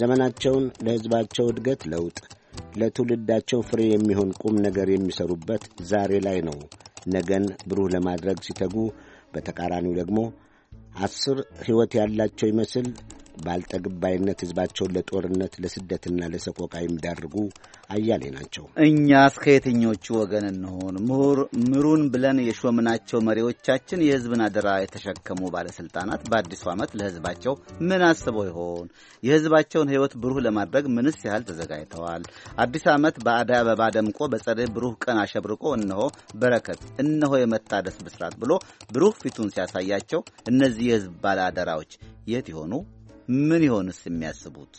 ዘመናቸውን ለሕዝባቸው እድገት ለውጥ ለትውልዳቸው ፍሬ የሚሆን ቁም ነገር የሚሰሩበት ዛሬ ላይ ነው። ነገን ብሩህ ለማድረግ ሲተጉ፣ በተቃራኒው ደግሞ አስር ሕይወት ያላቸው ይመስል ባልጠግባይነት ሕዝባቸውን ለጦርነት ለስደትና ለሰቆቃ የሚዳርጉ አያሌ ናቸው። እኛስ ከየትኞቹ ወገን እንሆን? ምሁር ምሩን ብለን የሾምናቸው መሪዎቻችን የሕዝብን አደራ የተሸከሙ ባለሥልጣናት በአዲሱ ዓመት ለሕዝባቸው ምን አስበው ይሆን? የሕዝባቸውን ሕይወት ብሩህ ለማድረግ ምንስ ያህል ተዘጋጅተዋል? አዲስ ዓመት በአደይ አበባ ደምቆ በፀደይ ብሩህ ቀን አሸብርቆ እነሆ በረከት፣ እነሆ የመታደስ ብስራት ብሎ ብሩህ ፊቱን ሲያሳያቸው እነዚህ የሕዝብ ባለአደራዎች የት ይሆኑ? ምን ይሆንስ የሚያስቡት?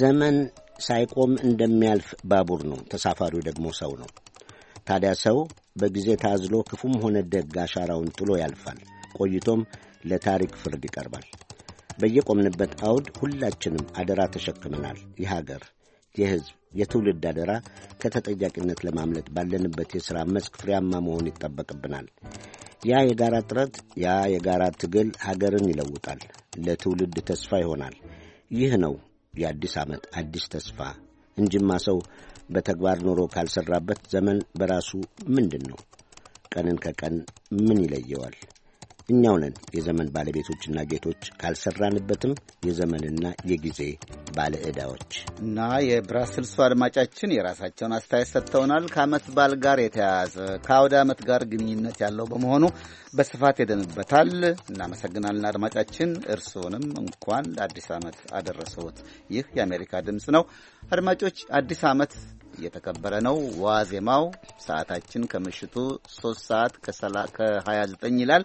ዘመን ሳይቆም እንደሚያልፍ ባቡር ነው። ተሳፋሪው ደግሞ ሰው ነው። ታዲያ ሰው በጊዜ ታዝሎ ክፉም ሆነ ደግ አሻራውን ጥሎ ያልፋል። ቆይቶም ለታሪክ ፍርድ ይቀርባል። በየቆምንበት አውድ ሁላችንም አደራ ተሸክመናል። የሀገር፣ የሕዝብ፣ የትውልድ አደራ ከተጠያቂነት ለማምለጥ ባለንበት የሥራ መስክ ፍሬያማ መሆን ይጠበቅብናል። ያ የጋራ ጥረት፣ ያ የጋራ ትግል ሀገርን ይለውጣል፣ ለትውልድ ተስፋ ይሆናል። ይህ ነው የአዲስ ዓመት አዲስ ተስፋ እንጂማ ሰው በተግባር ኖሮ ካልሠራበት ዘመን በራሱ ምንድን ነው? ቀንን ከቀን ምን ይለየዋል? እኛው ነን የዘመን ባለቤቶችና ጌቶች፣ ካልሰራንበትም የዘመንና የጊዜ ባለዕዳዎች እና የብራስልሱ አድማጫችን የራሳቸውን አስተያየት ሰጥተውናል። ከዓመት በዓል ጋር የተያያዘ ከአውደ ዓመት ጋር ግንኙነት ያለው በመሆኑ በስፋት ሄደንበታል። እናመሰግናለን አድማጫችን፣ እርስዎንም እንኳን ለአዲስ ዓመት አደረሰዎት። ይህ የአሜሪካ ድምፅ ነው። አድማጮች አዲስ ዓመት እየተከበረ ነው። ዋዜማው ሰዓታችን ከምሽቱ 3 ሰዓት ከ29 ይላል።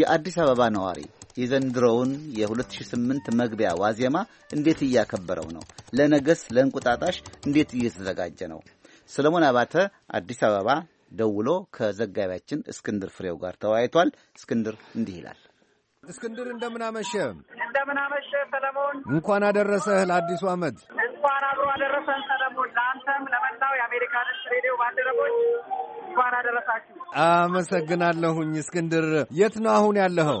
የአዲስ አበባ ነዋሪ የዘንድሮውን የ2008 መግቢያ ዋዜማ እንዴት እያከበረው ነው? ለነገስ ለእንቁጣጣሽ እንዴት እየተዘጋጀ ነው? ሰለሞን አባተ አዲስ አበባ ደውሎ ከዘጋቢያችን እስክንድር ፍሬው ጋር ተወያይቷል። እስክንድር እንዲህ ይላል። እስክንድር እንደምናመሸ እንደምናመሸ ሰለሞን እንኳን አደረሰህ ለአዲሱ ዓመት። እንኳን አብሮ አደረሰን ሰለሞን፣ ለአንተም፣ ባልደረቦች እንኳን አደረሳችሁ። አመሰግናለሁኝ። እስክንድር የት ነው አሁን ያለኸው?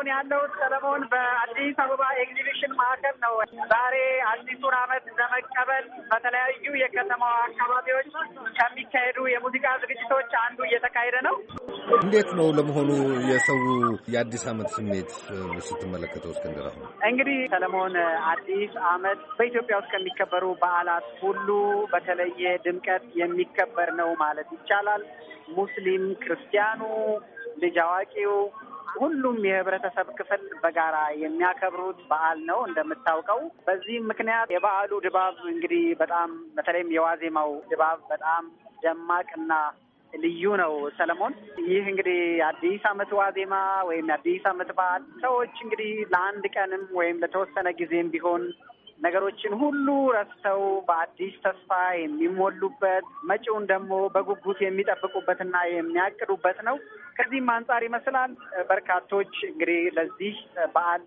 አሁን ያለሁት ሰለሞን በአዲስ አበባ ኤግዚቢሽን ማዕከል ነው። ዛሬ አዲሱን ዓመት ለመቀበል በተለያዩ የከተማዋ አካባቢዎች ከሚካሄዱ የሙዚቃ ዝግጅቶች አንዱ እየተካሄደ ነው። እንዴት ነው ለመሆኑ የሰው የአዲስ ዓመት ስሜት ስትመለከተው? እስክንድር አሁን እንግዲህ ሰለሞን አዲስ ዓመት በኢትዮጵያ ውስጥ ከሚከበሩ በዓላት ሁሉ በተለየ ድምቀት የሚከበር ነው ማለት ይቻላል። ሙስሊም ክርስቲያኑ፣ ልጅ አዋቂው ሁሉም የህብረተሰብ ክፍል በጋራ የሚያከብሩት በዓል ነው እንደምታውቀው። በዚህም ምክንያት የበዓሉ ድባብ እንግዲህ በጣም በተለይም የዋዜማው ድባብ በጣም ደማቅና ልዩ ነው ሰለሞን። ይህ እንግዲህ አዲስ አመት ዋዜማ ወይም የአዲስ አመት በዓል ሰዎች እንግዲህ ለአንድ ቀንም ወይም ለተወሰነ ጊዜም ቢሆን ነገሮችን ሁሉ ረስተው በአዲስ ተስፋ የሚሞሉበት መጪውን ደግሞ በጉጉት የሚጠብቁበትና የሚያቅዱበት ነው። ከዚህም አንጻር ይመስላል በርካቶች እንግዲህ ለዚህ በዓል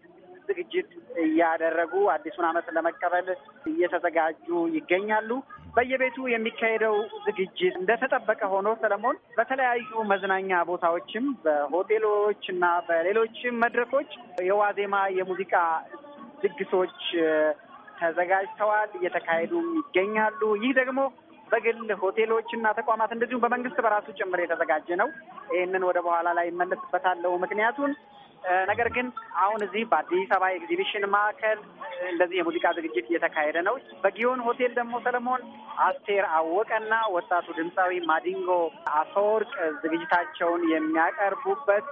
ዝግጅት እያደረጉ አዲሱን ዓመት ለመቀበል እየተዘጋጁ ይገኛሉ። በየቤቱ የሚካሄደው ዝግጅት እንደተጠበቀ ሆኖ ሰለሞን፣ በተለያዩ መዝናኛ ቦታዎችም በሆቴሎች እና በሌሎችም መድረኮች የዋዜማ የሙዚቃ ድግሶች ተዘጋጅተዋል፣ እየተካሄዱም ይገኛሉ። ይህ ደግሞ በግል ሆቴሎች እና ተቋማት እንደዚሁም በመንግስት በራሱ ጭምር የተዘጋጀ ነው። ይህንን ወደ በኋላ ላይ ይመለስበታለው ምክንያቱን ነገር ግን አሁን እዚህ በአዲስ አበባ ኤግዚቢሽን ማዕከል እንደዚህ የሙዚቃ ዝግጅት እየተካሄደ ነው። በጊዮን ሆቴል ደግሞ ሰለሞን አስቴር አወቀና ወጣቱ ድምፃዊ ማዲንጎ አፈወርቅ ዝግጅታቸውን የሚያቀርቡበት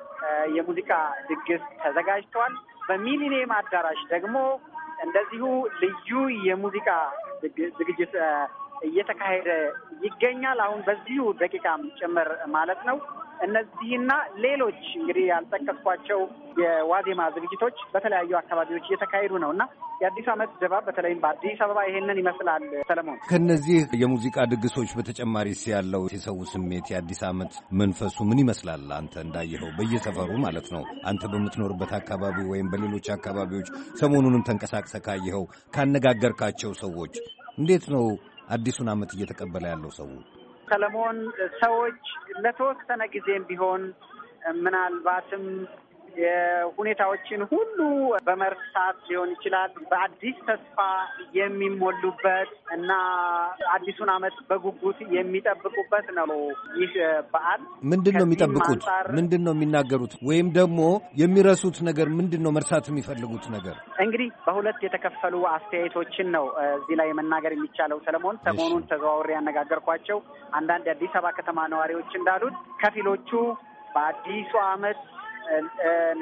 የሙዚቃ ድግስ ተዘጋጅተዋል። በሚሊኒየም አዳራሽ ደግሞ እንደዚሁ ልዩ የሙዚቃ ዝግጅት እየተካሄደ ይገኛል። አሁን በዚሁ ደቂቃም ጭምር ማለት ነው። እነዚህና ሌሎች እንግዲህ ያልጠቀስኳቸው የዋዜማ ዝግጅቶች በተለያዩ አካባቢዎች እየተካሄዱ ነው እና የአዲስ ዓመት ድባብ በተለይም በአዲስ አበባ ይሄንን ይመስላል። ሰለሞን፣ ከነዚህ የሙዚቃ ድግሶች በተጨማሪስ ያለው የሰው ስሜት የአዲስ ዓመት መንፈሱ ምን ይመስላል? አንተ እንዳየኸው በየሰፈሩ ማለት ነው። አንተ በምትኖርበት አካባቢ ወይም በሌሎች አካባቢዎች ሰሞኑንም ተንቀሳቅሰ ካየኸው ካነጋገርካቸው ሰዎች እንዴት ነው አዲሱን ዓመት እየተቀበለ ያለው ሰው? ሰለሞን፣ ሰዎች ለተወሰነ ጊዜም ቢሆን ምናልባትም የሁኔታዎችን ሁሉ በመርሳት ሊሆን ይችላል በአዲስ ተስፋ የሚሞሉበት እና አዲሱን ዓመት በጉጉት የሚጠብቁበት ነው። ይህ በዓል ምንድን ነው የሚጠብቁት? ምንድን ነው የሚናገሩት? ወይም ደግሞ የሚረሱት ነገር ምንድን ነው? መርሳት የሚፈልጉት ነገር እንግዲህ በሁለት የተከፈሉ አስተያየቶችን ነው እዚህ ላይ መናገር የሚቻለው። ሰለሞን፣ ሰሞኑን ተዘዋውሬ ያነጋገርኳቸው አንዳንድ የአዲስ አበባ ከተማ ነዋሪዎች እንዳሉት ከፊሎቹ በአዲሱ ዓመት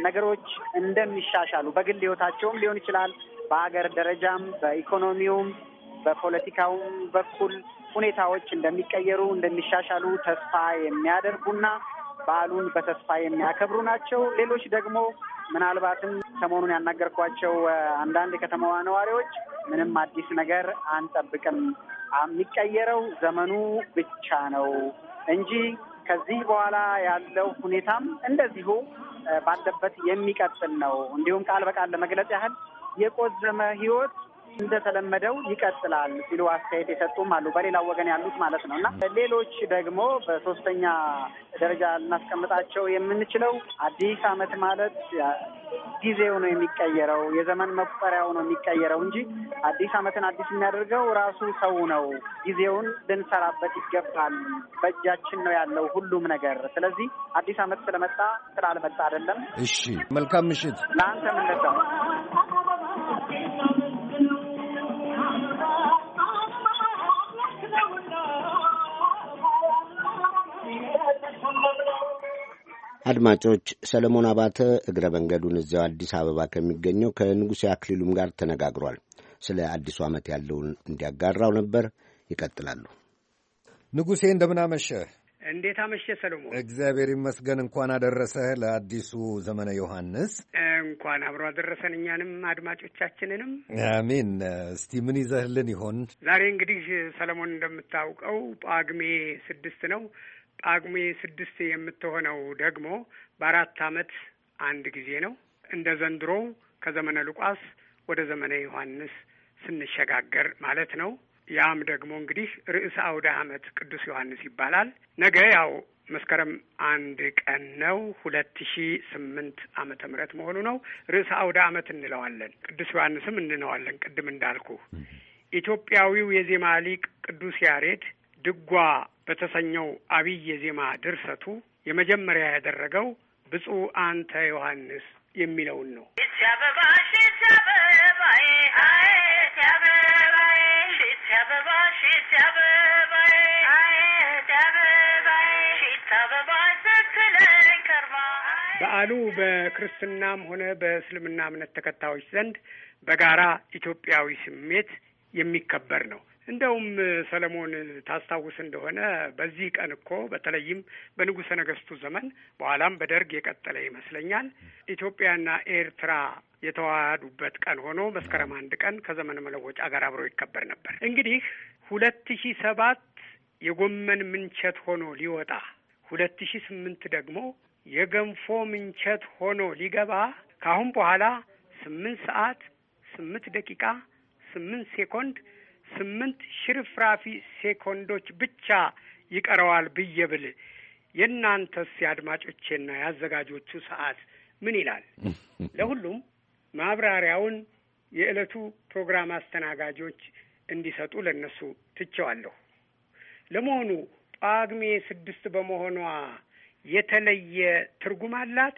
ነገሮች እንደሚሻሻሉ በግል ህይወታቸውም ሊሆን ይችላል፣ በሀገር ደረጃም በኢኮኖሚውም በፖለቲካውም በኩል ሁኔታዎች እንደሚቀየሩ እንደሚሻሻሉ ተስፋ የሚያደርጉና በዓሉን በተስፋ የሚያከብሩ ናቸው። ሌሎች ደግሞ ምናልባትም ሰሞኑን ያናገርኳቸው አንዳንድ የከተማዋ ነዋሪዎች ምንም አዲስ ነገር አንጠብቅም፣ የሚቀየረው ዘመኑ ብቻ ነው እንጂ ከዚህ በኋላ ያለው ሁኔታም እንደዚሁ ባለበት የሚቀጥል ነው። እንዲሁም ቃል በቃል ለመግለጽ ያህል የቆዘመ ህይወት እንደተለመደው ይቀጥላል ሲሉ አስተያየት የሰጡም አሉ። በሌላ ወገን ያሉት ማለት ነው እና ሌሎች ደግሞ በሶስተኛ ደረጃ ልናስቀምጣቸው የምንችለው አዲስ ዓመት ማለት ጊዜው ነው የሚቀየረው፣ የዘመን መቁጠሪያው ነው የሚቀየረው እንጂ አዲስ ዓመትን አዲስ የሚያደርገው ራሱ ሰው ነው። ጊዜውን ልንሰራበት ይገባል። በእጃችን ነው ያለው ሁሉም ነገር። ስለዚህ አዲስ ዓመት ስለመጣ ስላልመጣ አይደለም። እሺ፣ መልካም ምሽት ለአንተ ምንለው። አድማጮች፣ ሰለሞን አባተ እግረ መንገዱን እዚያው አዲስ አበባ ከሚገኘው ከንጉሴ አክሊሉም ጋር ተነጋግሯል። ስለ አዲሱ ዓመት ያለውን እንዲያጋራው ነበር። ይቀጥላሉ። ንጉሴ እንደምናመሸ እንዴት አመሸ ሰለሞን? እግዚአብሔር ይመስገን። እንኳን አደረሰህ ለአዲሱ ዘመነ ዮሐንስ። እንኳን አብሮ አደረሰን እኛንም አድማጮቻችንንም። አሜን። እስቲ ምን ይዘህልን ይሆን ዛሬ? እንግዲህ ሰለሞን እንደምታውቀው ጳጉሜ ስድስት ነው። ጳጉሜ ስድስት የምትሆነው ደግሞ በአራት አመት አንድ ጊዜ ነው። እንደ ዘንድሮው ከዘመነ ሉቃስ ወደ ዘመነ ዮሐንስ ስንሸጋገር ማለት ነው። ያም ደግሞ እንግዲህ ርዕሰ አውደ አመት ቅዱስ ዮሐንስ ይባላል። ነገ ያው መስከረም አንድ ቀን ነው ሁለት ሺ ስምንት አመተ ምህረት መሆኑ ነው። ርዕሰ አውደ አመት እንለዋለን፣ ቅዱስ ዮሐንስም እንለዋለን። ቅድም እንዳልኩ ኢትዮጵያዊው የዜማ ሊቅ ቅዱስ ያሬድ ድጓ በተሰኘው አብይ የዜማ ድርሰቱ የመጀመሪያ ያደረገው ብፁዕ አንተ ዮሐንስ የሚለውን ነው። በዓሉ በክርስትናም ሆነ በእስልምና እምነት ተከታዮች ዘንድ በጋራ ኢትዮጵያዊ ስሜት የሚከበር ነው። እንደውም ሰለሞን ታስታውስ እንደሆነ በዚህ ቀን እኮ በተለይም በንጉሠ ነገሥቱ ዘመን በኋላም በደርግ የቀጠለ ይመስለኛል ኢትዮጵያና ኤርትራ የተዋሃዱበት ቀን ሆኖ መስከረም አንድ ቀን ከዘመን መለወጫ ጋር አብሮ ይከበር ነበር። እንግዲህ ሁለት ሺ ሰባት የጎመን ምንቸት ሆኖ ሊወጣ ሁለት ሺ ስምንት ደግሞ የገንፎ ምንቸት ሆኖ ሊገባ ከአሁን በኋላ ስምንት ሰዓት ስምንት ደቂቃ ስምንት ሴኮንድ ስምንት ሽርፍራፊ ሴኮንዶች ብቻ ይቀረዋል ብዬ ብል የእናንተስ የአድማጮቼና የአዘጋጆቹ ሰዓት ምን ይላል? ለሁሉም ማብራሪያውን የዕለቱ ፕሮግራም አስተናጋጆች እንዲሰጡ ለነሱ ትቸዋለሁ። ለመሆኑ ጳጉሜ ስድስት በመሆኗ የተለየ ትርጉም አላት?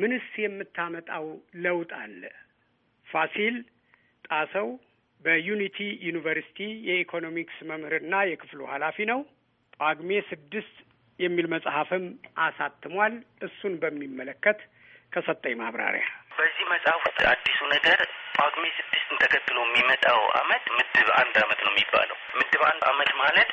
ምንስ የምታመጣው ለውጥ አለ? ፋሲል ጣሰው በዩኒቲ ዩኒቨርሲቲ የኢኮኖሚክስ መምህርና የክፍሉ ኃላፊ ነው። ጳጉሜ ስድስት የሚል መጽሐፍም አሳትሟል። እሱን በሚመለከት ከሰጠኝ ማብራሪያ በዚህ መጽሐፍ ውስጥ አዲሱ ነገር ጳጉሜ ስድስትን ተከትሎ የሚመጣው አመት ምድብ አንድ አመት ነው የሚባለው። ምድብ አንድ አመት ማለት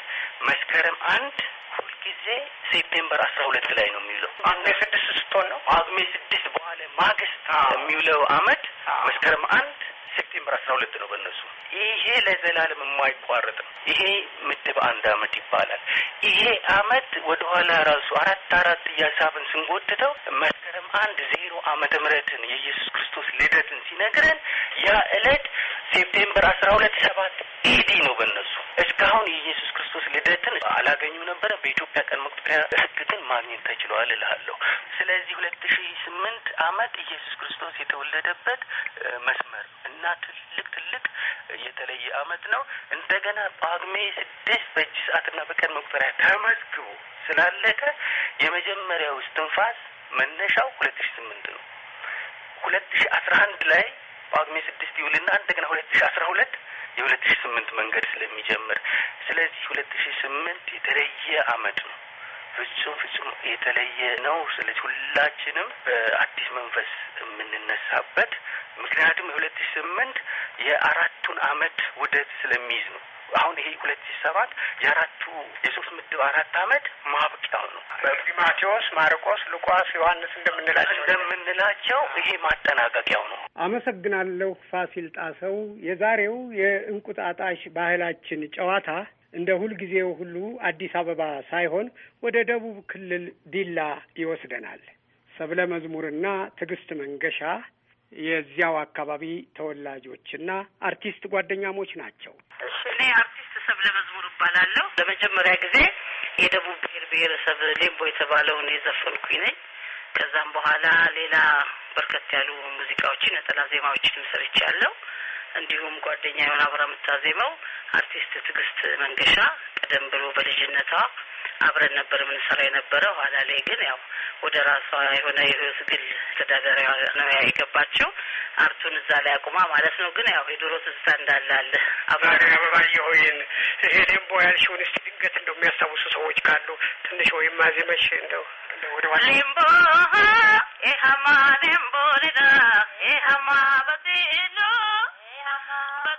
መስከረም አንድ ሁልጊዜ ሴፕቴምበር አስራ ሁለት ላይ ነው የሚውለው። ጳጉሜ ስድስት ስትሆን ነው ጳጉሜ ስድስት በኋላ ማግስት የሚውለው አመት መስከረም አንድ ሴፕቴምበር አስራ ሁለት ነው በእነሱ። ይሄ ለዘላለም የማይቋረጥ ነው። ይሄ ምድብ አንድ አመት ይባላል። ይሄ አመት ወደኋላ ራሱ አራት አራት እያሳብን ስንጎትተው መስከረም አንድ ዜሮ አመተ ምህረትን የኢየሱስ ክርስቶስ ልደትን ሲነግረን ያ እለት ሴፕቴምበር አስራ ሁለት ሰባት ኢዲ ነው በእነሱ እስካሁን የኢየሱስ ክርስቶስ ልደትን አላገኙም ነበረ። በኢትዮጵያ ቀን መቁጠሪያ ሕግ ግን ማግኘት ተችሏል እልሃለሁ። ስለዚህ ሁለት ሺ ስምንት አመት ኢየሱስ ክርስቶስ የተወለደበት መስመር እና ትልቅ ትልቅ የተለየ አመት ነው። እንደገና ጳጉሜ ስድስት በእጅ ሰዓትና በቀን መቁጠሪያ ተመዝግቦ ስላለቀ የመጀመሪያው እስትንፋስ መነሻው ሁለት ሺ ስምንት ነው። ሁለት ሺ አስራ አንድ ላይ ጳጉሜ ስድስት ይውልና እንደገና ሁለት ሺ አስራ ሁለት የሁለት ሺ ስምንት መንገድ ስለሚጀምር ስለዚህ ሁለት ሺ ስምንት የተለየ አመት ነው። ፍጹም ፍጹም የተለየ ነው። ስለዚህ ሁላችንም በአዲስ መንፈስ የምንነሳበት ምክንያቱም የሁለት ሺ ስምንት የአራቱን አመት ውደት ስለሚይዝ ነው። አሁን ይሄ ሁለት ሺ ሰባት የአራቱ የሶስት ምድብ አራት አመት ማብቂያው ነው። ማቴዎስ፣ ማርቆስ፣ ሉቃስ፣ ዮሐንስ እንደምንላቸው እንደምንላቸው ይሄ ማጠናቀቂያው ነው። አመሰግናለሁ ፋሲል ጣሰው። የዛሬው የእንቁጣጣሽ ባህላችን ጨዋታ እንደ ሁልጊዜው ሁሉ አዲስ አበባ ሳይሆን ወደ ደቡብ ክልል ዲላ ይወስደናል። ሰብለ መዝሙርና ትዕግስት መንገሻ የዚያው አካባቢ ተወላጆችና አርቲስት ጓደኛሞች ናቸው። እሺ፣ እኔ አርቲስት ሰብለ መዝሙር እባላለሁ። ለመጀመሪያ ጊዜ የደቡብ ብሔር ብሔረሰብ ሌምቦ የተባለውን የዘፈንኩኝ ነኝ። ከዛም በኋላ ሌላ በርከት ያሉ ሙዚቃዎችን፣ ነጠላ ዜማዎችንም ሰርቻለሁ። እንዲሁም ጓደኛ የሆን አብራ የምታዜመው አርቲስት ትዕግስት መንገሻ ቀደም ብሎ በልጅነቷ አብረን ነበር የምንሰራ የነበረው። ኋላ ላይ ግን ያው ወደ ራሷ የሆነ የህይወት ግል ተዳደሪያ ነው የገባችው። አርቱን እዛ ላይ አቁማ ማለት ነው። ግን ያው የድሮ ትዝታ እንዳለ አለ። አብራሪ አበባየ ሆይን ይሄ ሌምቦ ያልሽውን እስቲ ድንገት እንደው የሚያስታውሱ ሰዎች ካሉ ትንሽ ወይም ማዜመሽ እንደው ወደ ዋ ሌምቦ ኢሀማ ሌምቦ ሌዳ ኢሀማ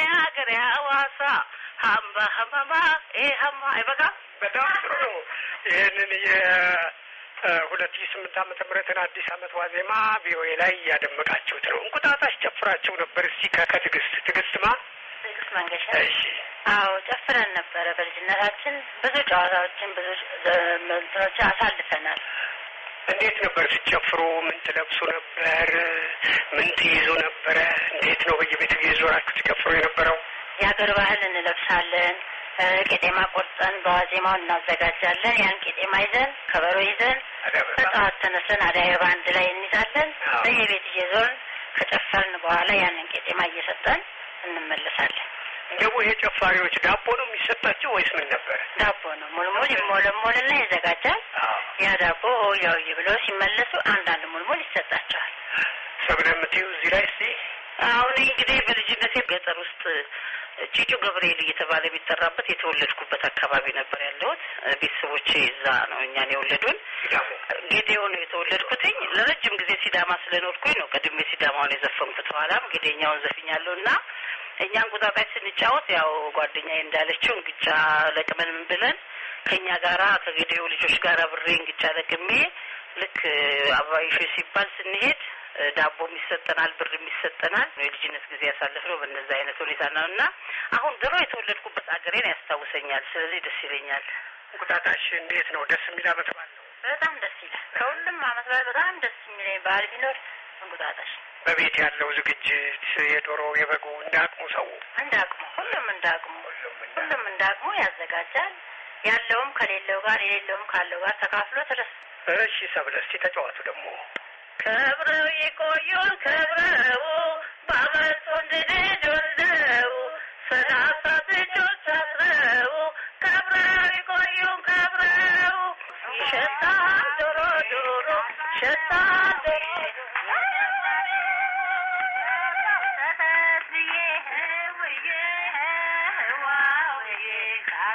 የኔ ሀገር ሀዋሳ ሀምባ ሀመማ ይሄ ሀማ አይበቃ። በጣም ጥሩ ይህንን የሁለት ሺህ ስምንት ዓመተ ምህረትን አዲስ አመት ዋዜማ ቪኦኤ ላይ እያደመቃችሁት ነው። እንቁጣጣሽ ጨፍራችሁ ነበር። እስቲ ከትዕግስት ትዕግስት ማ ትዕግስት መንገሻ እሺ አዎ ጨፍረን ነበረ። በልጅነታችን ብዙ ጨዋታዎችን ብዙ እንትኖችን አሳልፈናል። እንዴት ነበር ስጨፍሩ? ምን ትለብሱ ነበር? ምን ትይዙ ነበረ? እንዴት ነው በየቤት ዞራችሁ ትጨፍሩ የነበረው? የሀገር ባህል እንለብሳለን። ቄጤማ ቆርጠን በዋዜማው እናዘጋጃለን። ያን ቄጤማ ይዘን ከበሮ ይዘን በጠዋት ተነስተን አዳይ አበባ አንድ ላይ እንይዛለን። በየቤት እየዞርን ከጨፈርን በኋላ ያንን ቄጤማ እየሰጠን እንመለሳለን። ደግሞ ይሄ ጨፋሪዎች ዳቦ ነው የሚሰጣቸው ወይስ ምን ነበር? ዳቦ ነው ሙልሙል ይሞለሞልና ይዘጋጃል። ያ ዳቦ ያውይ ብሎ ሲመለሱ አንዳንድ ሙልሙል ይሰጣቸዋል። ሰብለ የምትዩ እዚህ ላይ እስቲ አሁን እንግዲህ በልጅነቴ ገጠር ውስጥ ጭጩ ገብርኤል እየተባለ የሚጠራበት የተወለድኩበት አካባቢ ነበር ያለሁት። ቤተሰቦቼ እዛ ነው እኛን የወለዱን። ጌዴኦ ነው የተወለድኩትኝ። ለረጅም ጊዜ ሲዳማ ስለኖርኩኝ ነው ቀድሜ ሲዳማውን የዘፈንኩት። ኋላም ጌዴኛውን ዘፍኛለሁ እና እኛ እንቁጣጣሽ ስንጫወት ያው ጓደኛዬ እንዳለችው እንግጫ ለቅመንም ብለን ከእኛ ጋራ ከጌዲዮ ልጆች ጋር ብሬ እንግጫ ለቅሜ ልክ አባይሾ ሲባል ስንሄድ ዳቦም ይሰጠናል፣ ብርም ይሰጠናል። የልጅነት ጊዜ ያሳለፍነው በእነዚ አይነት ሁኔታ ነው እና አሁን ድሮ የተወለድኩበት አገሬን ያስታውሰኛል። ስለዚህ ደስ ይለኛል። እንቁጣጣሽ እንዴት ነው? ደስ የሚል አመት በዓል በጣም ደስ ይላል። ከሁሉም አመት በዓል በጣም ደስ የሚለኝ በዓል ቢኖር እንቁጣጣሽ በቤት ያለው ዝግጅት የዶሮ የበጉ እንዳቅሙ ሰው እንዳቅሙ ሁሉም እንዳቅሙ ሁሉም እንዳቅሙ ያዘጋጃል። ያለውም ከሌለው ጋር የሌለውም ካለው ጋር ተካፍሎ ትረስ እሺ ሰብለ እስቲ ተጫዋቱ ደግሞ ከብረው የቆዩን ከብረው በአመቱ እንድኔ ዶንደው ሰላሳ ልጆች አስረው ከብረው የቆዩን ከብረው ይሸታ ዶሮ ዶሮ ሸታ ዶሮ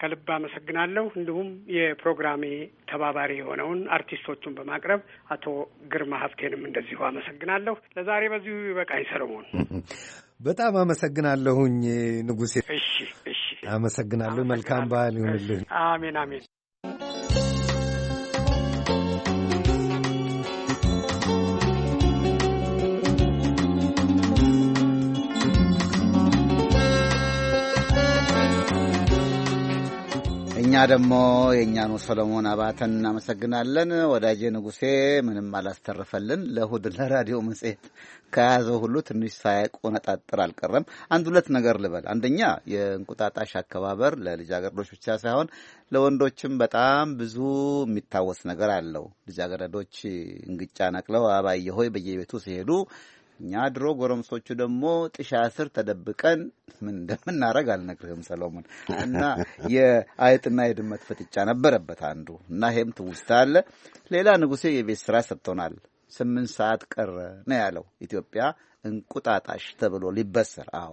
ከልብ አመሰግናለሁ። እንዲሁም የፕሮግራሜ ተባባሪ የሆነውን አርቲስቶቹን በማቅረብ አቶ ግርማ ሀብቴንም እንደዚሁ አመሰግናለሁ። ለዛሬ በዚሁ ይበቃኝ። ሰለሞን በጣም አመሰግናለሁኝ ንጉሴ። እሺ፣ እሺ፣ አመሰግናለሁ። መልካም ባህል ይሁንልህ። አሜን፣ አሜን። ደግሞ የእኛኑ ሰሎሞን አባተን እናመሰግናለን። ወዳጄ ንጉሴ ምንም አላስተረፈልን። ለእሁድ ለራዲዮ መጽሔት ከያዘው ሁሉ ትንሽ ሳያቆነጣጥር አልቀረም። አንድ ሁለት ነገር ልበል። አንደኛ የእንቁጣጣሽ አከባበር ለልጃገረዶች ብቻ ሳይሆን ለወንዶችም በጣም ብዙ የሚታወስ ነገር አለው። ልጃገረዶች እንግጫ ነቅለው አባየ ሆይ በየቤቱ ሲሄዱ እኛ ድሮ ጎረምሶቹ ደግሞ ጥሻ ስር ተደብቀን ምን እንደምናረግ አልነግርህም ሰሎሞን። እና የአይጥና የድመት ፍጥጫ ነበረበት አንዱ እና ይሄም ትውስታ አለ። ሌላ ንጉሴ የቤት ስራ ሰጥቶናል። ስምንት ሰዓት ቀረ ነው ያለው። ኢትዮጵያ እንቁጣጣሽ ተብሎ ሊበሰር አዎ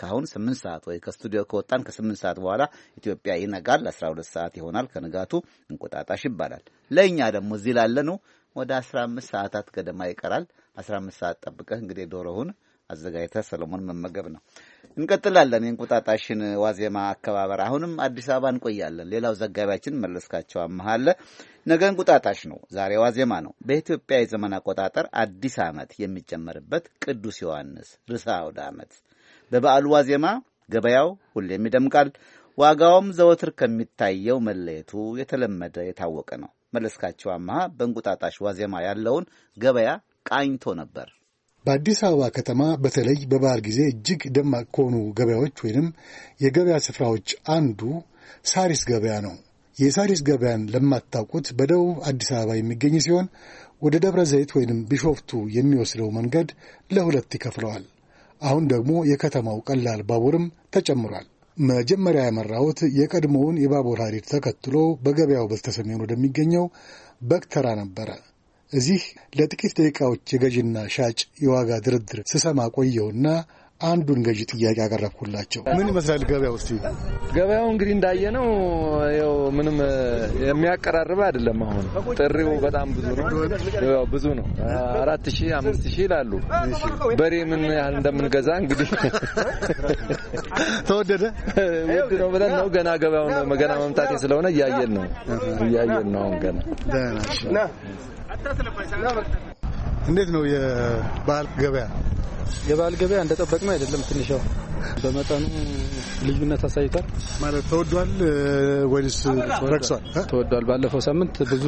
ከአሁን ስምንት ሰዓት ወይ ከስቱዲዮ ከወጣን ከስምንት ሰዓት በኋላ ኢትዮጵያ ይነጋል። አስራ ሁለት ሰዓት ይሆናል። ከንጋቱ እንቁጣጣሽ ይባላል። ለእኛ ደግሞ እዚህ ላለ ነው ወደ አስራ አምስት ሰዓታት ገደማ ይቀራል። አስራ አምስት ሰዓት ጠብቀህ እንግዲህ ዶሮውን አዘጋጅተህ ሰሎሞን መመገብ ነው። እንቀጥላለን። የእንቁጣጣሽን ዋዜማ አከባበር አሁንም አዲስ አበባ እንቆያለን። ሌላው ዘጋቢያችን መለስካቸው አመሃለ ነገ እንቁጣጣሽ ነው፣ ዛሬ ዋዜማ ነው። በኢትዮጵያ የዘመን አቆጣጠር አዲስ ዓመት የሚጀመርበት ቅዱስ ዮሐንስ ርዕሰ አውደ ዓመት በበዓሉ ዋዜማ ገበያው ሁሌም ይደምቃል። ዋጋውም ዘወትር ከሚታየው መለየቱ የተለመደ የታወቀ ነው። መለስካቸው አመሃ በእንቁጣጣሽ ዋዜማ ያለውን ገበያ ቃኝቶ ነበር። በአዲስ አበባ ከተማ በተለይ በበዓል ጊዜ እጅግ ደማቅ ከሆኑ ገበያዎች ወይንም የገበያ ስፍራዎች አንዱ ሳሪስ ገበያ ነው። የሳሪስ ገበያን ለማታውቁት በደቡብ አዲስ አበባ የሚገኝ ሲሆን ወደ ደብረ ዘይት ወይንም ቢሾፍቱ የሚወስደው መንገድ ለሁለት ይከፍለዋል። አሁን ደግሞ የከተማው ቀላል ባቡርም ተጨምሯል። መጀመሪያ ያመራሁት የቀድሞውን የባቡር ሐዲድ ተከትሎ በገበያው በስተሰሜን ወደሚገኘው በክተራ ነበረ። እዚህ ለጥቂት ደቂቃዎች የገዥና ሻጭ የዋጋ ድርድር ስሰማ ቆየውና አንዱን ገዢ ጥያቄ አቀረብኩላቸው። ምን ይመስላል ገበያ እስኪ ገበያው እንግዲህ እንዳየነው ው ምንም የሚያቀራርበ አይደለም። አሁን ጥሪው በጣም ብዙ ነው፣ ገበያው ብዙ ነው። አራት ሺ አምስት ሺ ይላሉ። በሬ ምን ያህል እንደምንገዛ እንግዲህ ተወደደ ውድ ነው ብለን ነው ገና ገበያውን ገና መምጣቴ ስለሆነ እያየን ነው እያየን ነው አሁን ገና እንዴት ነው የበዓል ገበያ? የበዓል ገበያ እንደጠበቅነው አይደለም። ትንሽ ያው በመጠኑ ልዩነት አሳይቷል። ማለት ተወዷል ወይስ ረክሷል? ተወዷል። ባለፈው ሳምንት ብዙ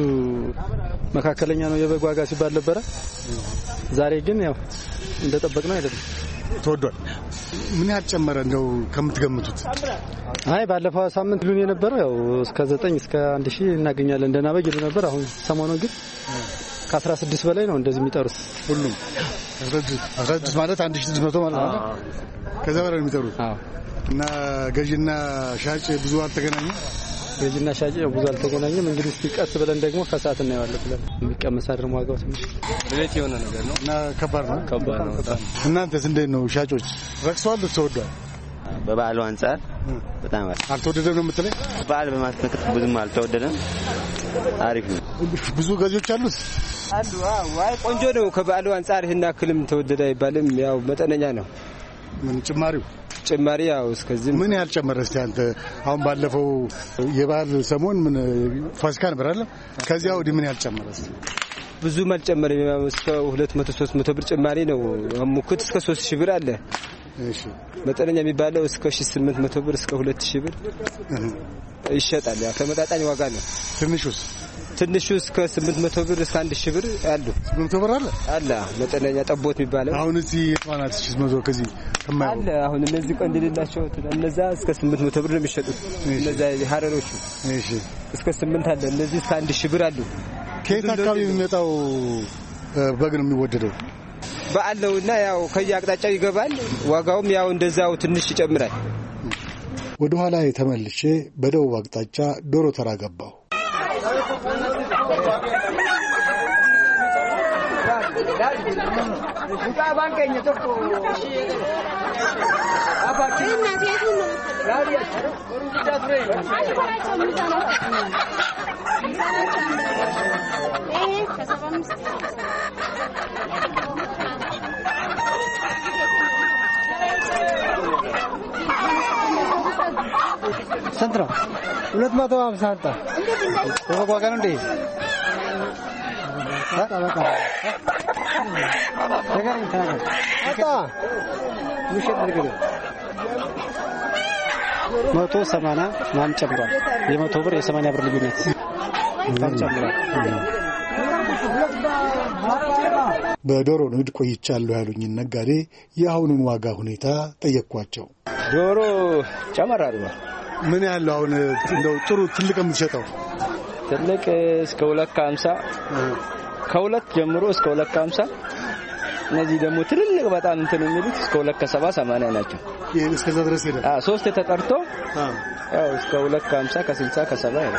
መካከለኛ ነው የበግ ዋጋ ሲባል ነበረ። ዛሬ ግን ያው እንደጠበቅነው አይደለም። ተወዷል። ምን ያህል ጨመረ? እንደው ከምትገምቱት? አይ ባለፈው ሳምንት ይሉን የነበረው ያው እስከ ዘጠኝ እስከ አንድ ሺህ እናገኛለን በግ ይሉ ነበር። አሁን ሰሞኑን ግን ከአስራ ስድስት በላይ ነው እንደዚህ የሚጠሩት ሁሉም አስራ ስድስት ማለት አንድ ሺህ ስድስት መቶ ማለት ነው። ከዛ በላይ ነው የሚጠሩት እና ገዥና ሻጭ ብዙ አልተገናኙም። ገዥና ሻጭ ብዙ አልተጎናኘም። እንግዲህ እስቲ ቀስ ብለን ደግሞ ከሰዓት እናየዋለን ብለን የሚቀመስ አድርሞ ዋጋው ትንሽ ሌት የሆነ ነገር ነው እና ከባድ ነው ከባድ ነው። እናንተስ እንዴት ነው? ሻጮች ረክሰዋል ተወዷል? በበዓሉ አንጻር በጣም አልተወደደም ነው የምትለኝ? በዓል በማስመልከት ብዙም አልተወደደም። አሪፍ ነው። ብዙ ገዢዎች አሉት አሉ። አይ ቆንጆ ነው። ከበዓሉ አንጻር ይህን ያክልም ተወደደ አይባልም። ያው መጠነኛ ነው ምን ጭማሪው ጭማሪ ያው እስከዚህ ምን ያህል ጨመረ? እስቲ አንተ አሁን ባለፈው የባህል ሰሞን ምን ፋሲካ ነበር አለ። ከዚያ ወዲህ ምን ያህል ጨመረ? እስቲ ብዙም አልጨመረም። እስከ 200 300 ብር ጭማሪ ነው። ሙክት እስከ 3000 ብር አለ። እሺ መጠነኛ የሚባለው እስከ 1800 ብር እስከ 2000 ብር ይሸጣል። ያ ተመጣጣኝ ዋጋ ነው። ትንሹስ ትንሹ እስከ 800 ብር እስከ 1000 ብር አሉ። 800 ብር አለ አለ መጠነኛ ጠቦት የሚባለው አሁን እዚህ እሺ፣ መዞ ከዚህ ከማይ አለ አሁን እነዚህ ቀንድ የሌላቸው እነዛ እስከ 800 ብር ነው የሚሸጡት። እነዛ ሀረሮቹ እሺ እስከ 8 አለ እነዚህ እስከ 1000 ብር አሉ። ከየት አካባቢ የሚመጣው በግ ነው የሚወደደው? በአለውና ያው ከየአቅጣጫው ይገባል። ዋጋውም ያው እንደዛው ትንሽ ይጨምራል። ወደ ኋላ ተመልሼ በደቡብ አቅጣጫ ዶሮ ተራ ገባሁ። rubuta banka ya tafko apa ki ina fi yi mun rariya rubuta dure eh ka saba musu સંતરા ઉલટમાં તો આમ શાંતા થોડોક વાગ્યા નથી ተናገር። አጣ ውሸት መቶ ሰማንያ ማን ጨምሯል። የመቶ ብር የሰማንያ ብር ልዩነት ጨምሯል። በዶሮ ንግድ ቆይቻለሁ ያሉኝን ነጋዴ የአሁኑን ዋጋ ሁኔታ ጠየቅኳቸው። ዶሮ ጨመር አድርጓል። ምን ያለው አሁን እንደው ጥሩ ትልቅ የምትሸጠው ትልቅ እስከ ሁለት ከሀምሳ ከሁለት ጀምሮ እስከ ሁለት ከሀምሳ እነዚህ ደግሞ ትልልቅ በጣም እንትን የሚሉት እስከ ሁለት ከሰባ ሰማንያ ናቸው። ይሄን እስከዛ ድረስ ሄደ። ሶስት ተጠርቶ አዎ እስከ ሁለት ከሀምሳ ከስልሳ ከሰባ ሄደ።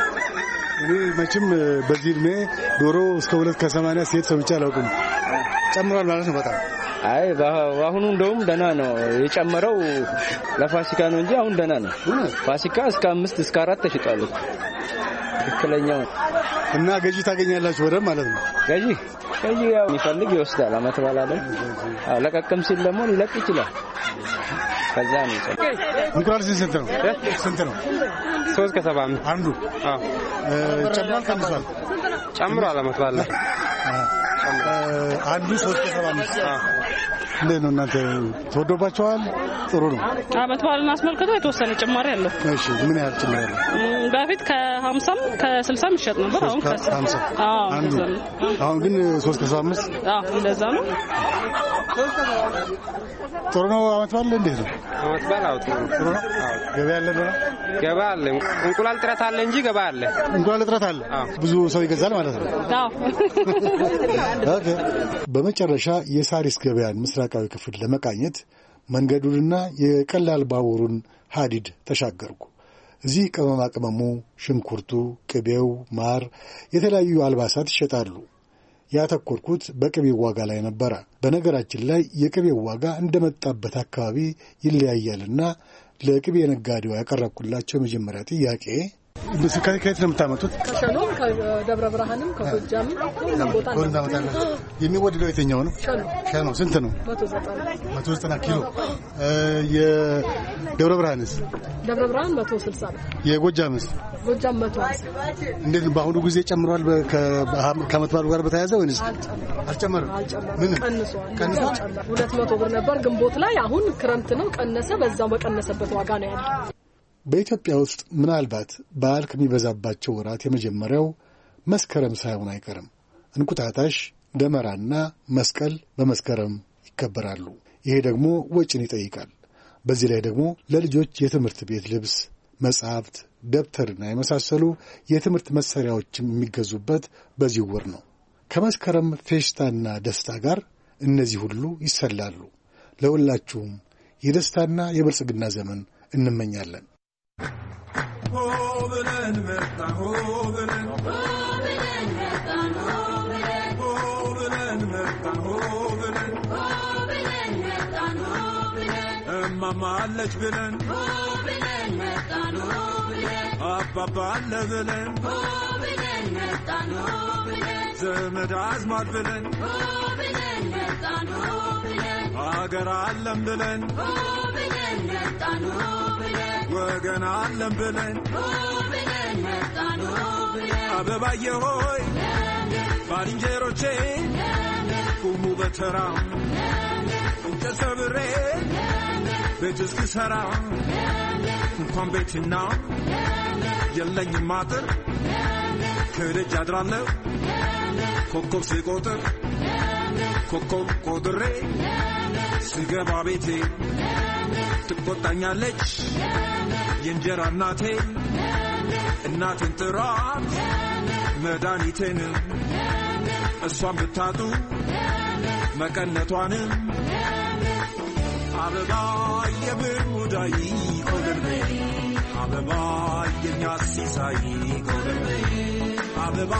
እኔ መቼም በዚህ እድሜ ዶሮ እስከ ሁለት ከሰማንያ ሴት ሰምቼ አላውቅም። ጨምሯል ማለት ነው በጣም አይ በአሁኑ እንደውም ደህና ነው የጨመረው። ለፋሲካ ነው እንጂ አሁን ደህና ነው። ፋሲካ እስከ አምስት እስከ አራት ተሽጧል። ትክክለኛው እና ገዢ ታገኛላችሁ በደንብ ማለት ነው። ገዢ ገዢ ያው የሚፈልግ ይወስዳል። አመት በላ ላይ ለቀቅም ሲል ደግሞ ሊለቅ ይችላል። ከዛ ነው እንቁላል ስንት ነው? ስንት ነው? ሶስት ከሰባ አንዱ ጨምሯል፣ ቀንሷል? ጨምሯል። አመት በላ አንዱ ሶስት ከሰባ አምስት እንዴት ነው እናንተ ተወዶባቸዋል? ጥሩ ነው። አመት በዓልን አስመልክቶ የተወሰነ ጭማሪ አለው። እሺ፣ ምን ያህል ጭማሪ አለው? በፊት ከሀምሳም ከስልሳም ይሸጥ ነበር። አሁን ከሀምሳ አሁን ግን ሶስት ከሰባ አምስት እንደዛ ነው። ጥሩ ነው። አመት በዓል እንዴት ነው? አመት በዓል አዎ፣ ጥሩ ነው። ገበያ አለ ነው ገበያ አለ። እንቁላል ጥረት አለ እንጂ ገበያ አለ። እንቁላል ጥረት አለ። ብዙ ሰው ይገዛል ማለት ነው። በመጨረሻ የሳሪስ ገበያን ምስራ ምስራቃዊ ክፍል ለመቃኘት መንገዱንና የቀላል ባቡሩን ሀዲድ ተሻገርኩ። እዚህ ቅመማ ቅመሙ፣ ሽንኩርቱ፣ ቅቤው፣ ማር፣ የተለያዩ አልባሳት ይሸጣሉ። ያተኮርኩት በቅቤው ዋጋ ላይ ነበረ። በነገራችን ላይ የቅቤው ዋጋ እንደመጣበት አካባቢ ይለያያልና ለቅቤ ነጋዴው ያቀረብኩላቸው የመጀመሪያ ጥያቄ ከየት ነው የምታመጡት? ከሸኖም ከደብረ ብርሃንም ከጎጃምም ቦታ የሚወድደው የትኛው ነው? ሸኖ ስንት ነው? መቶ ዘጠና ኪሎ። የደብረ ብርሃንስ? ደብረ ብርሃን መቶ ስልሳ ነው። የጎጃምስ? ጎጃም መቶ እንዴት ነው በአሁኑ ጊዜ ጨምሯል? ከዓመት በዓሉ ጋር በተያያዘ ወይንስ አልጨመረም? ምን ቀንሷል። ሁለት መቶ ብር ነበር ግንቦት ላይ አሁን ክረምት ነው ቀነሰ። በዛው በቀነሰበት ዋጋ ነው ያለው። በኢትዮጵያ ውስጥ ምናልባት በዓል ከሚበዛባቸው ወራት የመጀመሪያው መስከረም ሳይሆን አይቀርም። እንቁጣጣሽ፣ ደመራና መስቀል በመስከረም ይከበራሉ። ይሄ ደግሞ ወጪን ይጠይቃል። በዚህ ላይ ደግሞ ለልጆች የትምህርት ቤት ልብስ፣ መጽሐፍት፣ ደብተርና የመሳሰሉ የትምህርት መሣሪያዎችም የሚገዙበት በዚህ ወር ነው። ከመስከረም ፌሽታና ደስታ ጋር እነዚህ ሁሉ ይሰላሉ። ለሁላችሁም የደስታና የብልጽግና ዘመን እንመኛለን። እማማለች ብለን ብለን አባባ አለ ብለን ዘመድ አዝማድ ብለን አገር አለም ብለን ወገን አለም ብለን አበባዬ ሆይ ባልንጀሮቼ ቁሙ በተራ እንጨሰብሬ ቤት እስክሰራ እንኳን ቤትና የለኝም አጥር ከደጅ አድራለሁ ኮከብ ስቆጥር ኮኮብ ቆጥሬ ስገባ ቤቴ ትቆጣኛለች የእንጀራ እናቴ እናትን ጥራት መድኃኒቴንም እሷን ብታጡ መቀነቷን አበባ የብሩዳይ ቆልሜ አበባ የኛ ሲሳይ ቆልሜ አበባ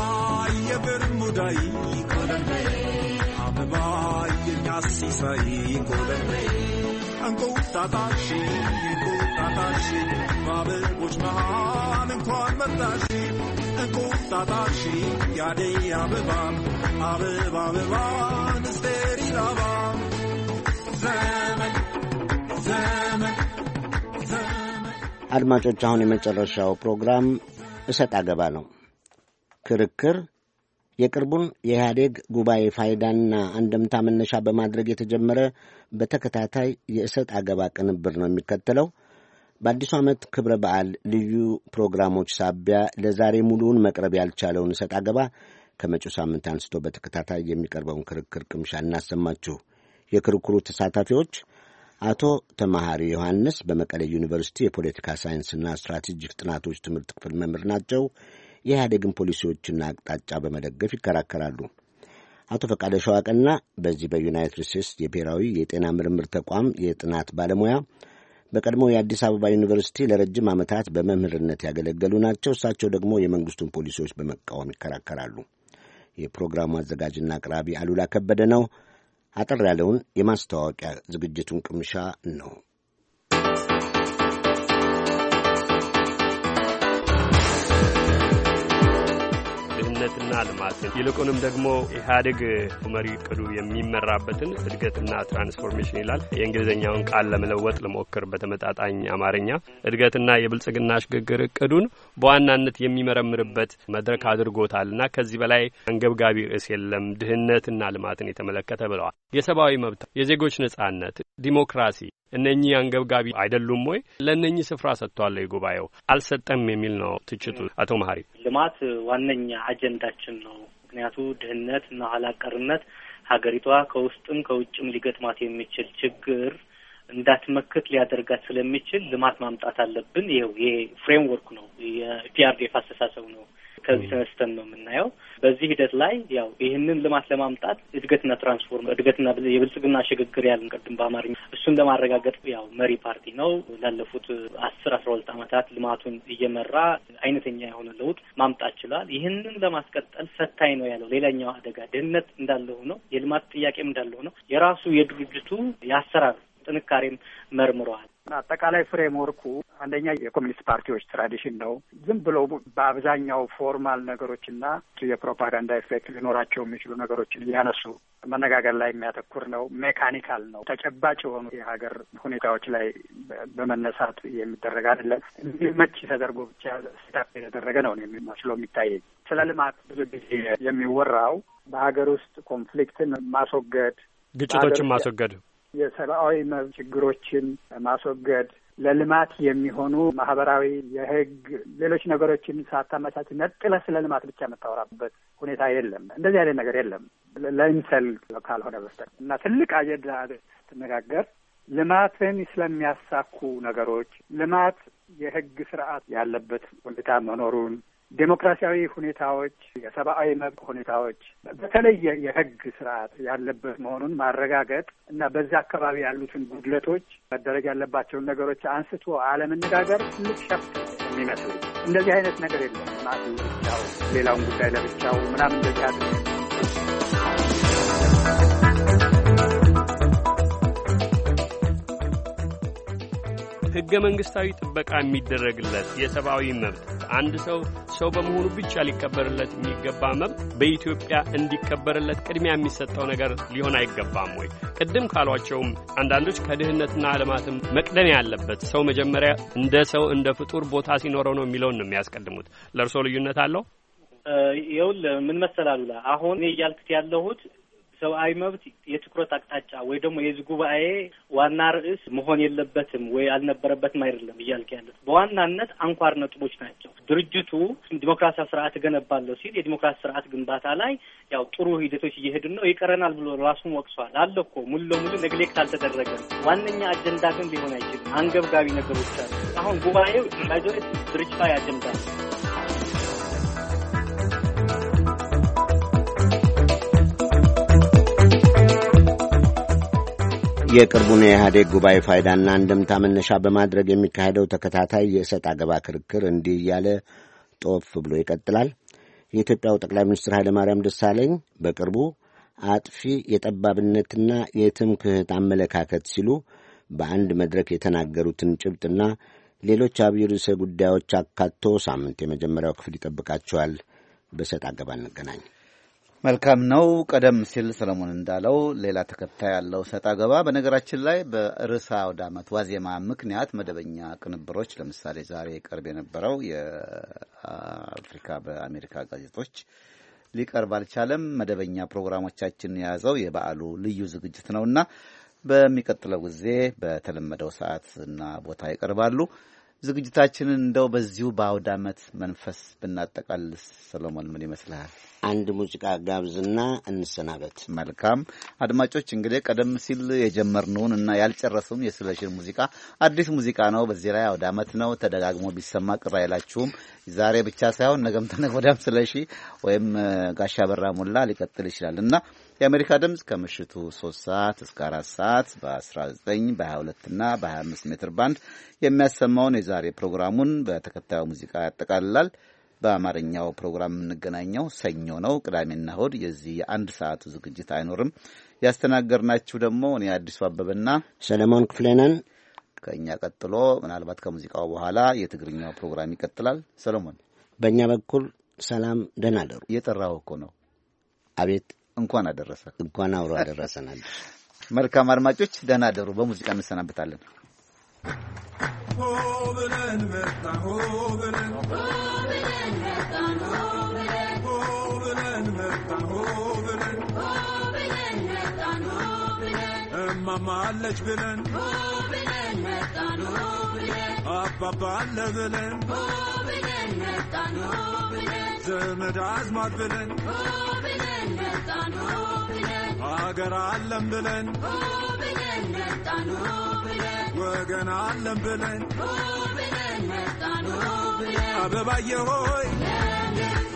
የብር ሙዳይ ኮለምበይ አበባ የኛ ሲሳይ ኮለምበይ እንቁጣጣሽ እንቁጣጣሽ በአበቦች መሃል እንኳን መጣሽ እንቁጣጣሽ ያደይ አበባን አበባ አበባን ስቴሪ ላባ ዘመን ዘመን አድማጮች አሁን የመጨረሻው ፕሮግራም እሰጥ አገባ ነው። ክርክር የቅርቡን የኢህአዴግ ጉባኤ ፋይዳና አንደምታ መነሻ በማድረግ የተጀመረ በተከታታይ የእሰጥ አገባ ቅንብር ነው የሚከተለው። በአዲሱ ዓመት ክብረ በዓል ልዩ ፕሮግራሞች ሳቢያ ለዛሬ ሙሉውን መቅረብ ያልቻለውን እሰጥ አገባ ከመጪው ሳምንት አንስቶ በተከታታይ የሚቀርበውን ክርክር ቅምሻ እናሰማችሁ። የክርክሩ ተሳታፊዎች አቶ ተማሃሪ ዮሐንስ በመቀሌ ዩኒቨርሲቲ የፖለቲካ ሳይንስና ስትራቴጂክ ጥናቶች ትምህርት ክፍል መምህር ናቸው። የኢህአዴግን ፖሊሲዎችና አቅጣጫ በመደገፍ ይከራከራሉ። አቶ ፈቃደ ሸዋቀና በዚህ በዩናይትድ ስቴትስ የብሔራዊ የጤና ምርምር ተቋም የጥናት ባለሙያ በቀድሞ የአዲስ አበባ ዩኒቨርሲቲ ለረጅም ዓመታት በመምህርነት ያገለገሉ ናቸው። እሳቸው ደግሞ የመንግስቱን ፖሊሲዎች በመቃወም ይከራከራሉ። የፕሮግራሙ አዘጋጅና አቅራቢ አሉላ ከበደ ነው። አጠር ያለውን የማስታወቂያ ዝግጅቱን ቅምሻ ነው እድገትና ልማትን ይልቁንም ደግሞ ኢህአዴግ መሪ ቅዱ የሚመራበትን እድገትና ትራንስፎርሜሽን ይላል። የእንግሊዝኛውን ቃል ለመለወጥ ልሞክር በተመጣጣኝ አማርኛ እድገትና የብልጽግና ሽግግር እቅዱን በዋናነት የሚመረምርበት መድረክ አድርጎታልና ከዚህ በላይ አንገብጋቢ ርዕስ የለም። ድህነትና ልማትን የተመለከተ ብለዋል። የሰብአዊ መብት፣ የዜጎች ነጻነት፣ ዲሞክራሲ እነኚህ አንገብጋቢ አይደሉም ወይ? ለእነኚህ ስፍራ ሰጥቷለሁ ጉባኤው አልሰጠም የሚል ነው ትችቱ። አቶ መሀሪ ልማት ዋነኛ አጀንዳችን ነው። ምክንያቱ ድህነት እና ኋላ ሀገሪቷ ከውስጥም ከውጭም ሊገጥማት የሚችል ችግር እንዳትመክት ሊያደርጋት ስለሚችል ልማት ማምጣት አለብን። ይኸው ይሄ ፍሬምወርክ ነው፣ የፒአርዴፍ አስተሳሰብ ነው። ከዚህ ተነስተን ነው የምናየው። በዚህ ሂደት ላይ ያው ይህንን ልማት ለማምጣት እድገትና ትራንስፎርም እድገትና የብልጽግና ሽግግር ያለን ቅድም በአማርኛ እሱን ለማረጋገጥ ያው መሪ ፓርቲ ነው። ላለፉት አስር አስራ ሁለት ዓመታት ልማቱን እየመራ አይነተኛ የሆነ ለውጥ ማምጣት ችሏል። ይህንን ለማስቀጠል ፈታኝ ነው ያለው ሌላኛው አደጋ ድህነት እንዳለ ሆነው የልማት ጥያቄም እንዳለ ነው የራሱ የድርጅቱ የአሰራር ጥንካሬም መርምረዋል። አጠቃላይ ፍሬምወርኩ አንደኛ የኮሚኒስት ፓርቲዎች ትራዲሽን ነው። ዝም ብሎ በአብዛኛው ፎርማል ነገሮችና የፕሮፓጋንዳ ኤፌክት ሊኖራቸው የሚችሉ ነገሮችን እያነሱ መነጋገር ላይ የሚያተኩር ነው። ሜካኒካል ነው። ተጨባጭ የሆኑ የሀገር ሁኔታዎች ላይ በመነሳት የሚደረግ አይደለም። እንዲመች ተደርጎ ብቻ ሴታፕ የተደረገ ነው የሚመስለው የሚታየኝ። ስለ ልማት ብዙ ጊዜ የሚወራው በሀገር ውስጥ ኮንፍሊክትን ማስወገድ፣ ግጭቶችን ማስወገድ የሰብአዊ መብት ችግሮችን ማስወገድ ለልማት የሚሆኑ ማህበራዊ፣ የህግ፣ ሌሎች ነገሮችን ሳታመቻች ነጥለ ስለ ልማት ብቻ የምታወራበት ሁኔታ የለም። እንደዚህ አይነት ነገር የለም ለኢንሰል ካልሆነ በስተቀር እና ትልቅ አጀንዳ ስትነጋገር ልማትን ስለሚያሳኩ ነገሮች ልማት የህግ ስርዓት ያለበት ሁኔታ መኖሩን ዴሞክራሲያዊ ሁኔታዎች፣ የሰብአዊ መብት ሁኔታዎች በተለየ የህግ ስርዓት ያለበት መሆኑን ማረጋገጥ እና በዚያ አካባቢ ያሉትን ጉድለቶች መደረግ ያለባቸውን ነገሮች አንስቶ አለመነጋገር ትልቅ ሸፍት የሚመስል እንደዚህ አይነት ነገር የለም። ማ ብቻው ሌላውን ጉዳይ ለብቻው ምናምን እንደዚህ ሕገ መንግሥታዊ ጥበቃ የሚደረግለት የሰብአዊ መብት አንድ ሰው ሰው በመሆኑ ብቻ ሊከበርለት የሚገባ መብት በኢትዮጵያ እንዲከበርለት ቅድሚያ የሚሰጠው ነገር ሊሆን አይገባም ወይ? ቅድም ካሏቸውም አንዳንዶች ከድህነትና ልማትም መቅደም ያለበት ሰው መጀመሪያ እንደ ሰው እንደ ፍጡር ቦታ ሲኖረው ነው የሚለውን ነው የሚያስቀድሙት። ለእርሶ ልዩነት አለው? ይኸውልህ ምን መሰላሉላ አሁን እኔ እያልኩት ያለሁት ሰብአዊ መብት የትኩረት አቅጣጫ ወይ ደግሞ የዚህ ጉባኤ ዋና ርዕስ መሆን የለበትም ወይ አልነበረበትም አይደለም እያልክ ያለት በዋናነት አንኳር ነጥቦች ናቸው። ድርጅቱ ዲሞክራሲያዊ ስርዓት እገነባለሁ ሲል የዲሞክራሲ ስርዓት ግንባታ ላይ ያው ጥሩ ሂደቶች እየሄድን ነው ይቀረናል ብሎ ራሱን ወቅሷል። አለ እኮ ሙሉ ለሙሉ ነግሌክት አልተደረገም። ዋነኛ አጀንዳ ግን ሊሆን አይችልም። አንገብጋቢ ነገሮች አሉ። አሁን ጉባኤው ድርጅታዊ አጀንዳ ነው። የቅርቡን የኢህአዴግ ጉባኤ ፋይዳና አንድምታ መነሻ በማድረግ የሚካሄደው ተከታታይ የእሰጥ አገባ ክርክር እንዲህ እያለ ጦፍ ብሎ ይቀጥላል። የኢትዮጵያው ጠቅላይ ሚኒስትር ኃይለማርያም ደሳለኝ በቅርቡ አጥፊ የጠባብነትና የትምክህት አመለካከት ሲሉ በአንድ መድረክ የተናገሩትን ጭብጥና ሌሎች አብይ ርዕሰ ጉዳዮች አካቶ ሳምንት የመጀመሪያው ክፍል ይጠብቃቸዋል። በሰጥ አገባ እንገናኝ። መልካም ነው። ቀደም ሲል ሰለሞን እንዳለው ሌላ ተከታይ ያለው ሰጣ አገባ በነገራችን ላይ በርዕሰ አመት ዋዜማ ምክንያት መደበኛ ቅንብሮች፣ ለምሳሌ ዛሬ ቀርብ የነበረው የአፍሪካ በአሜሪካ ጋዜጦች ሊቀርብ አልቻለም። መደበኛ ፕሮግራሞቻችን የያዘው የበዓሉ ልዩ ዝግጅት ነውና በሚቀጥለው ጊዜ በተለመደው ሰዓት እና ቦታ ይቀርባሉ። ዝግጅታችንን እንደው በዚሁ በአውድ ዓመት መንፈስ ብናጠቃልስ ሰሎሞን ምን ይመስልሃል? አንድ ሙዚቃ ጋብዝና እንሰናበት። መልካም አድማጮች፣ እንግዲህ ቀደም ሲል የጀመርነውን እና ያልጨረሱም የስለሽን ሙዚቃ አዲስ ሙዚቃ ነው። በዚህ ላይ አውድ ዓመት ነው፣ ተደጋግሞ ቢሰማ ቅር አይላችሁም። ዛሬ ብቻ ሳይሆን ነገም ተነገ ወዲያም ስለሺ ወይም ጋሻ በራ ሞላ ሊቀጥል ይችላል እና የአሜሪካ ድምፅ ከምሽቱ 3 ሰዓት እስከ 4 ሰዓት በ19 በ22 እና በ25 ሜትር ባንድ የሚያሰማውን የዛሬ ፕሮግራሙን በተከታዩ ሙዚቃ ያጠቃልላል። በአማርኛው ፕሮግራም የምንገናኘው ሰኞ ነው። ቅዳሜና እሁድ የዚህ የአንድ ሰዓቱ ዝግጅት አይኖርም። ያስተናገድናችሁ ደግሞ እኔ አዲሱ አበበና ሰለሞን ክፍሌ ነን። ከእኛ ቀጥሎ ምናልባት ከሙዚቃው በኋላ የትግርኛው ፕሮግራም ይቀጥላል። ሰለሞን፣ በእኛ በኩል ሰላም፣ ደህና የጠራው እኮ ነው። አቤት እንኳን አደረሰ እንኳን አብሮ አደረሰናል። መልካም አድማጮች፣ ደህና አደሩ። በሙዚቃ እንሰናበታለን ። Oh, እማማለች ብለን ብለን አባባለ ብለን ብለን ብለን ዘመድ አዝማድ ብለን ብለን አገር አለም ብለን ብለን ወገን አለም ብለን ብለን አበባየ ሆይ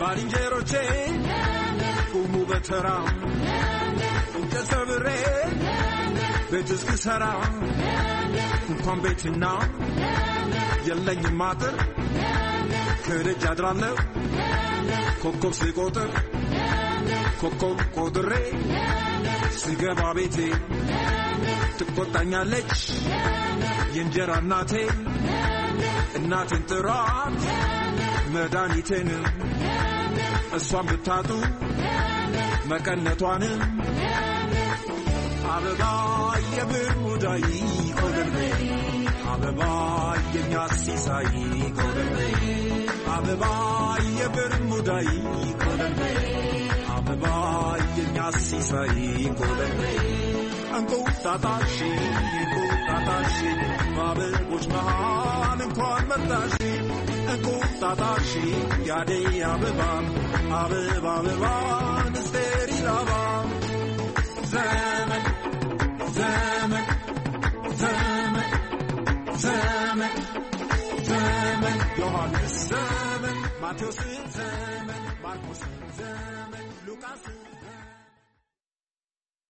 ባልንጀሮቼ ቁሙ በተራ እንጨት ሰብሬ ቤት እስክሰራ እንኳን ቤትና የለኝም አጥር ከደጅ አድራለሁ ኮከብ ስቆጥር ኮከብ ቆጥሬ ስገባ ቤቴ ትቆጣኛለች የእንጀራ እናቴ እናቴን ጥሯት መድኃኒቴንም እሷን ብታጡ መቀነቷንም አበባዬ ብሙዳይ ጎበርበይ አበባዬ የሚያሲሳይ ጎበርበይ አበባዬ ብርሙዳይ ጎበርበይ አበባዬ የሚያሲሳይ ጎበርበይ እንቁጣጣሽ እንቁጣጣሽ በአበቦች መሃል እንኳን መጣሽ እንቁጣጣሽ ያዴ አበባም አበባ አበባን ስቴሪላባ ዘመን زمن زمن يا هذا الزمن ما توصل زمن ما توصل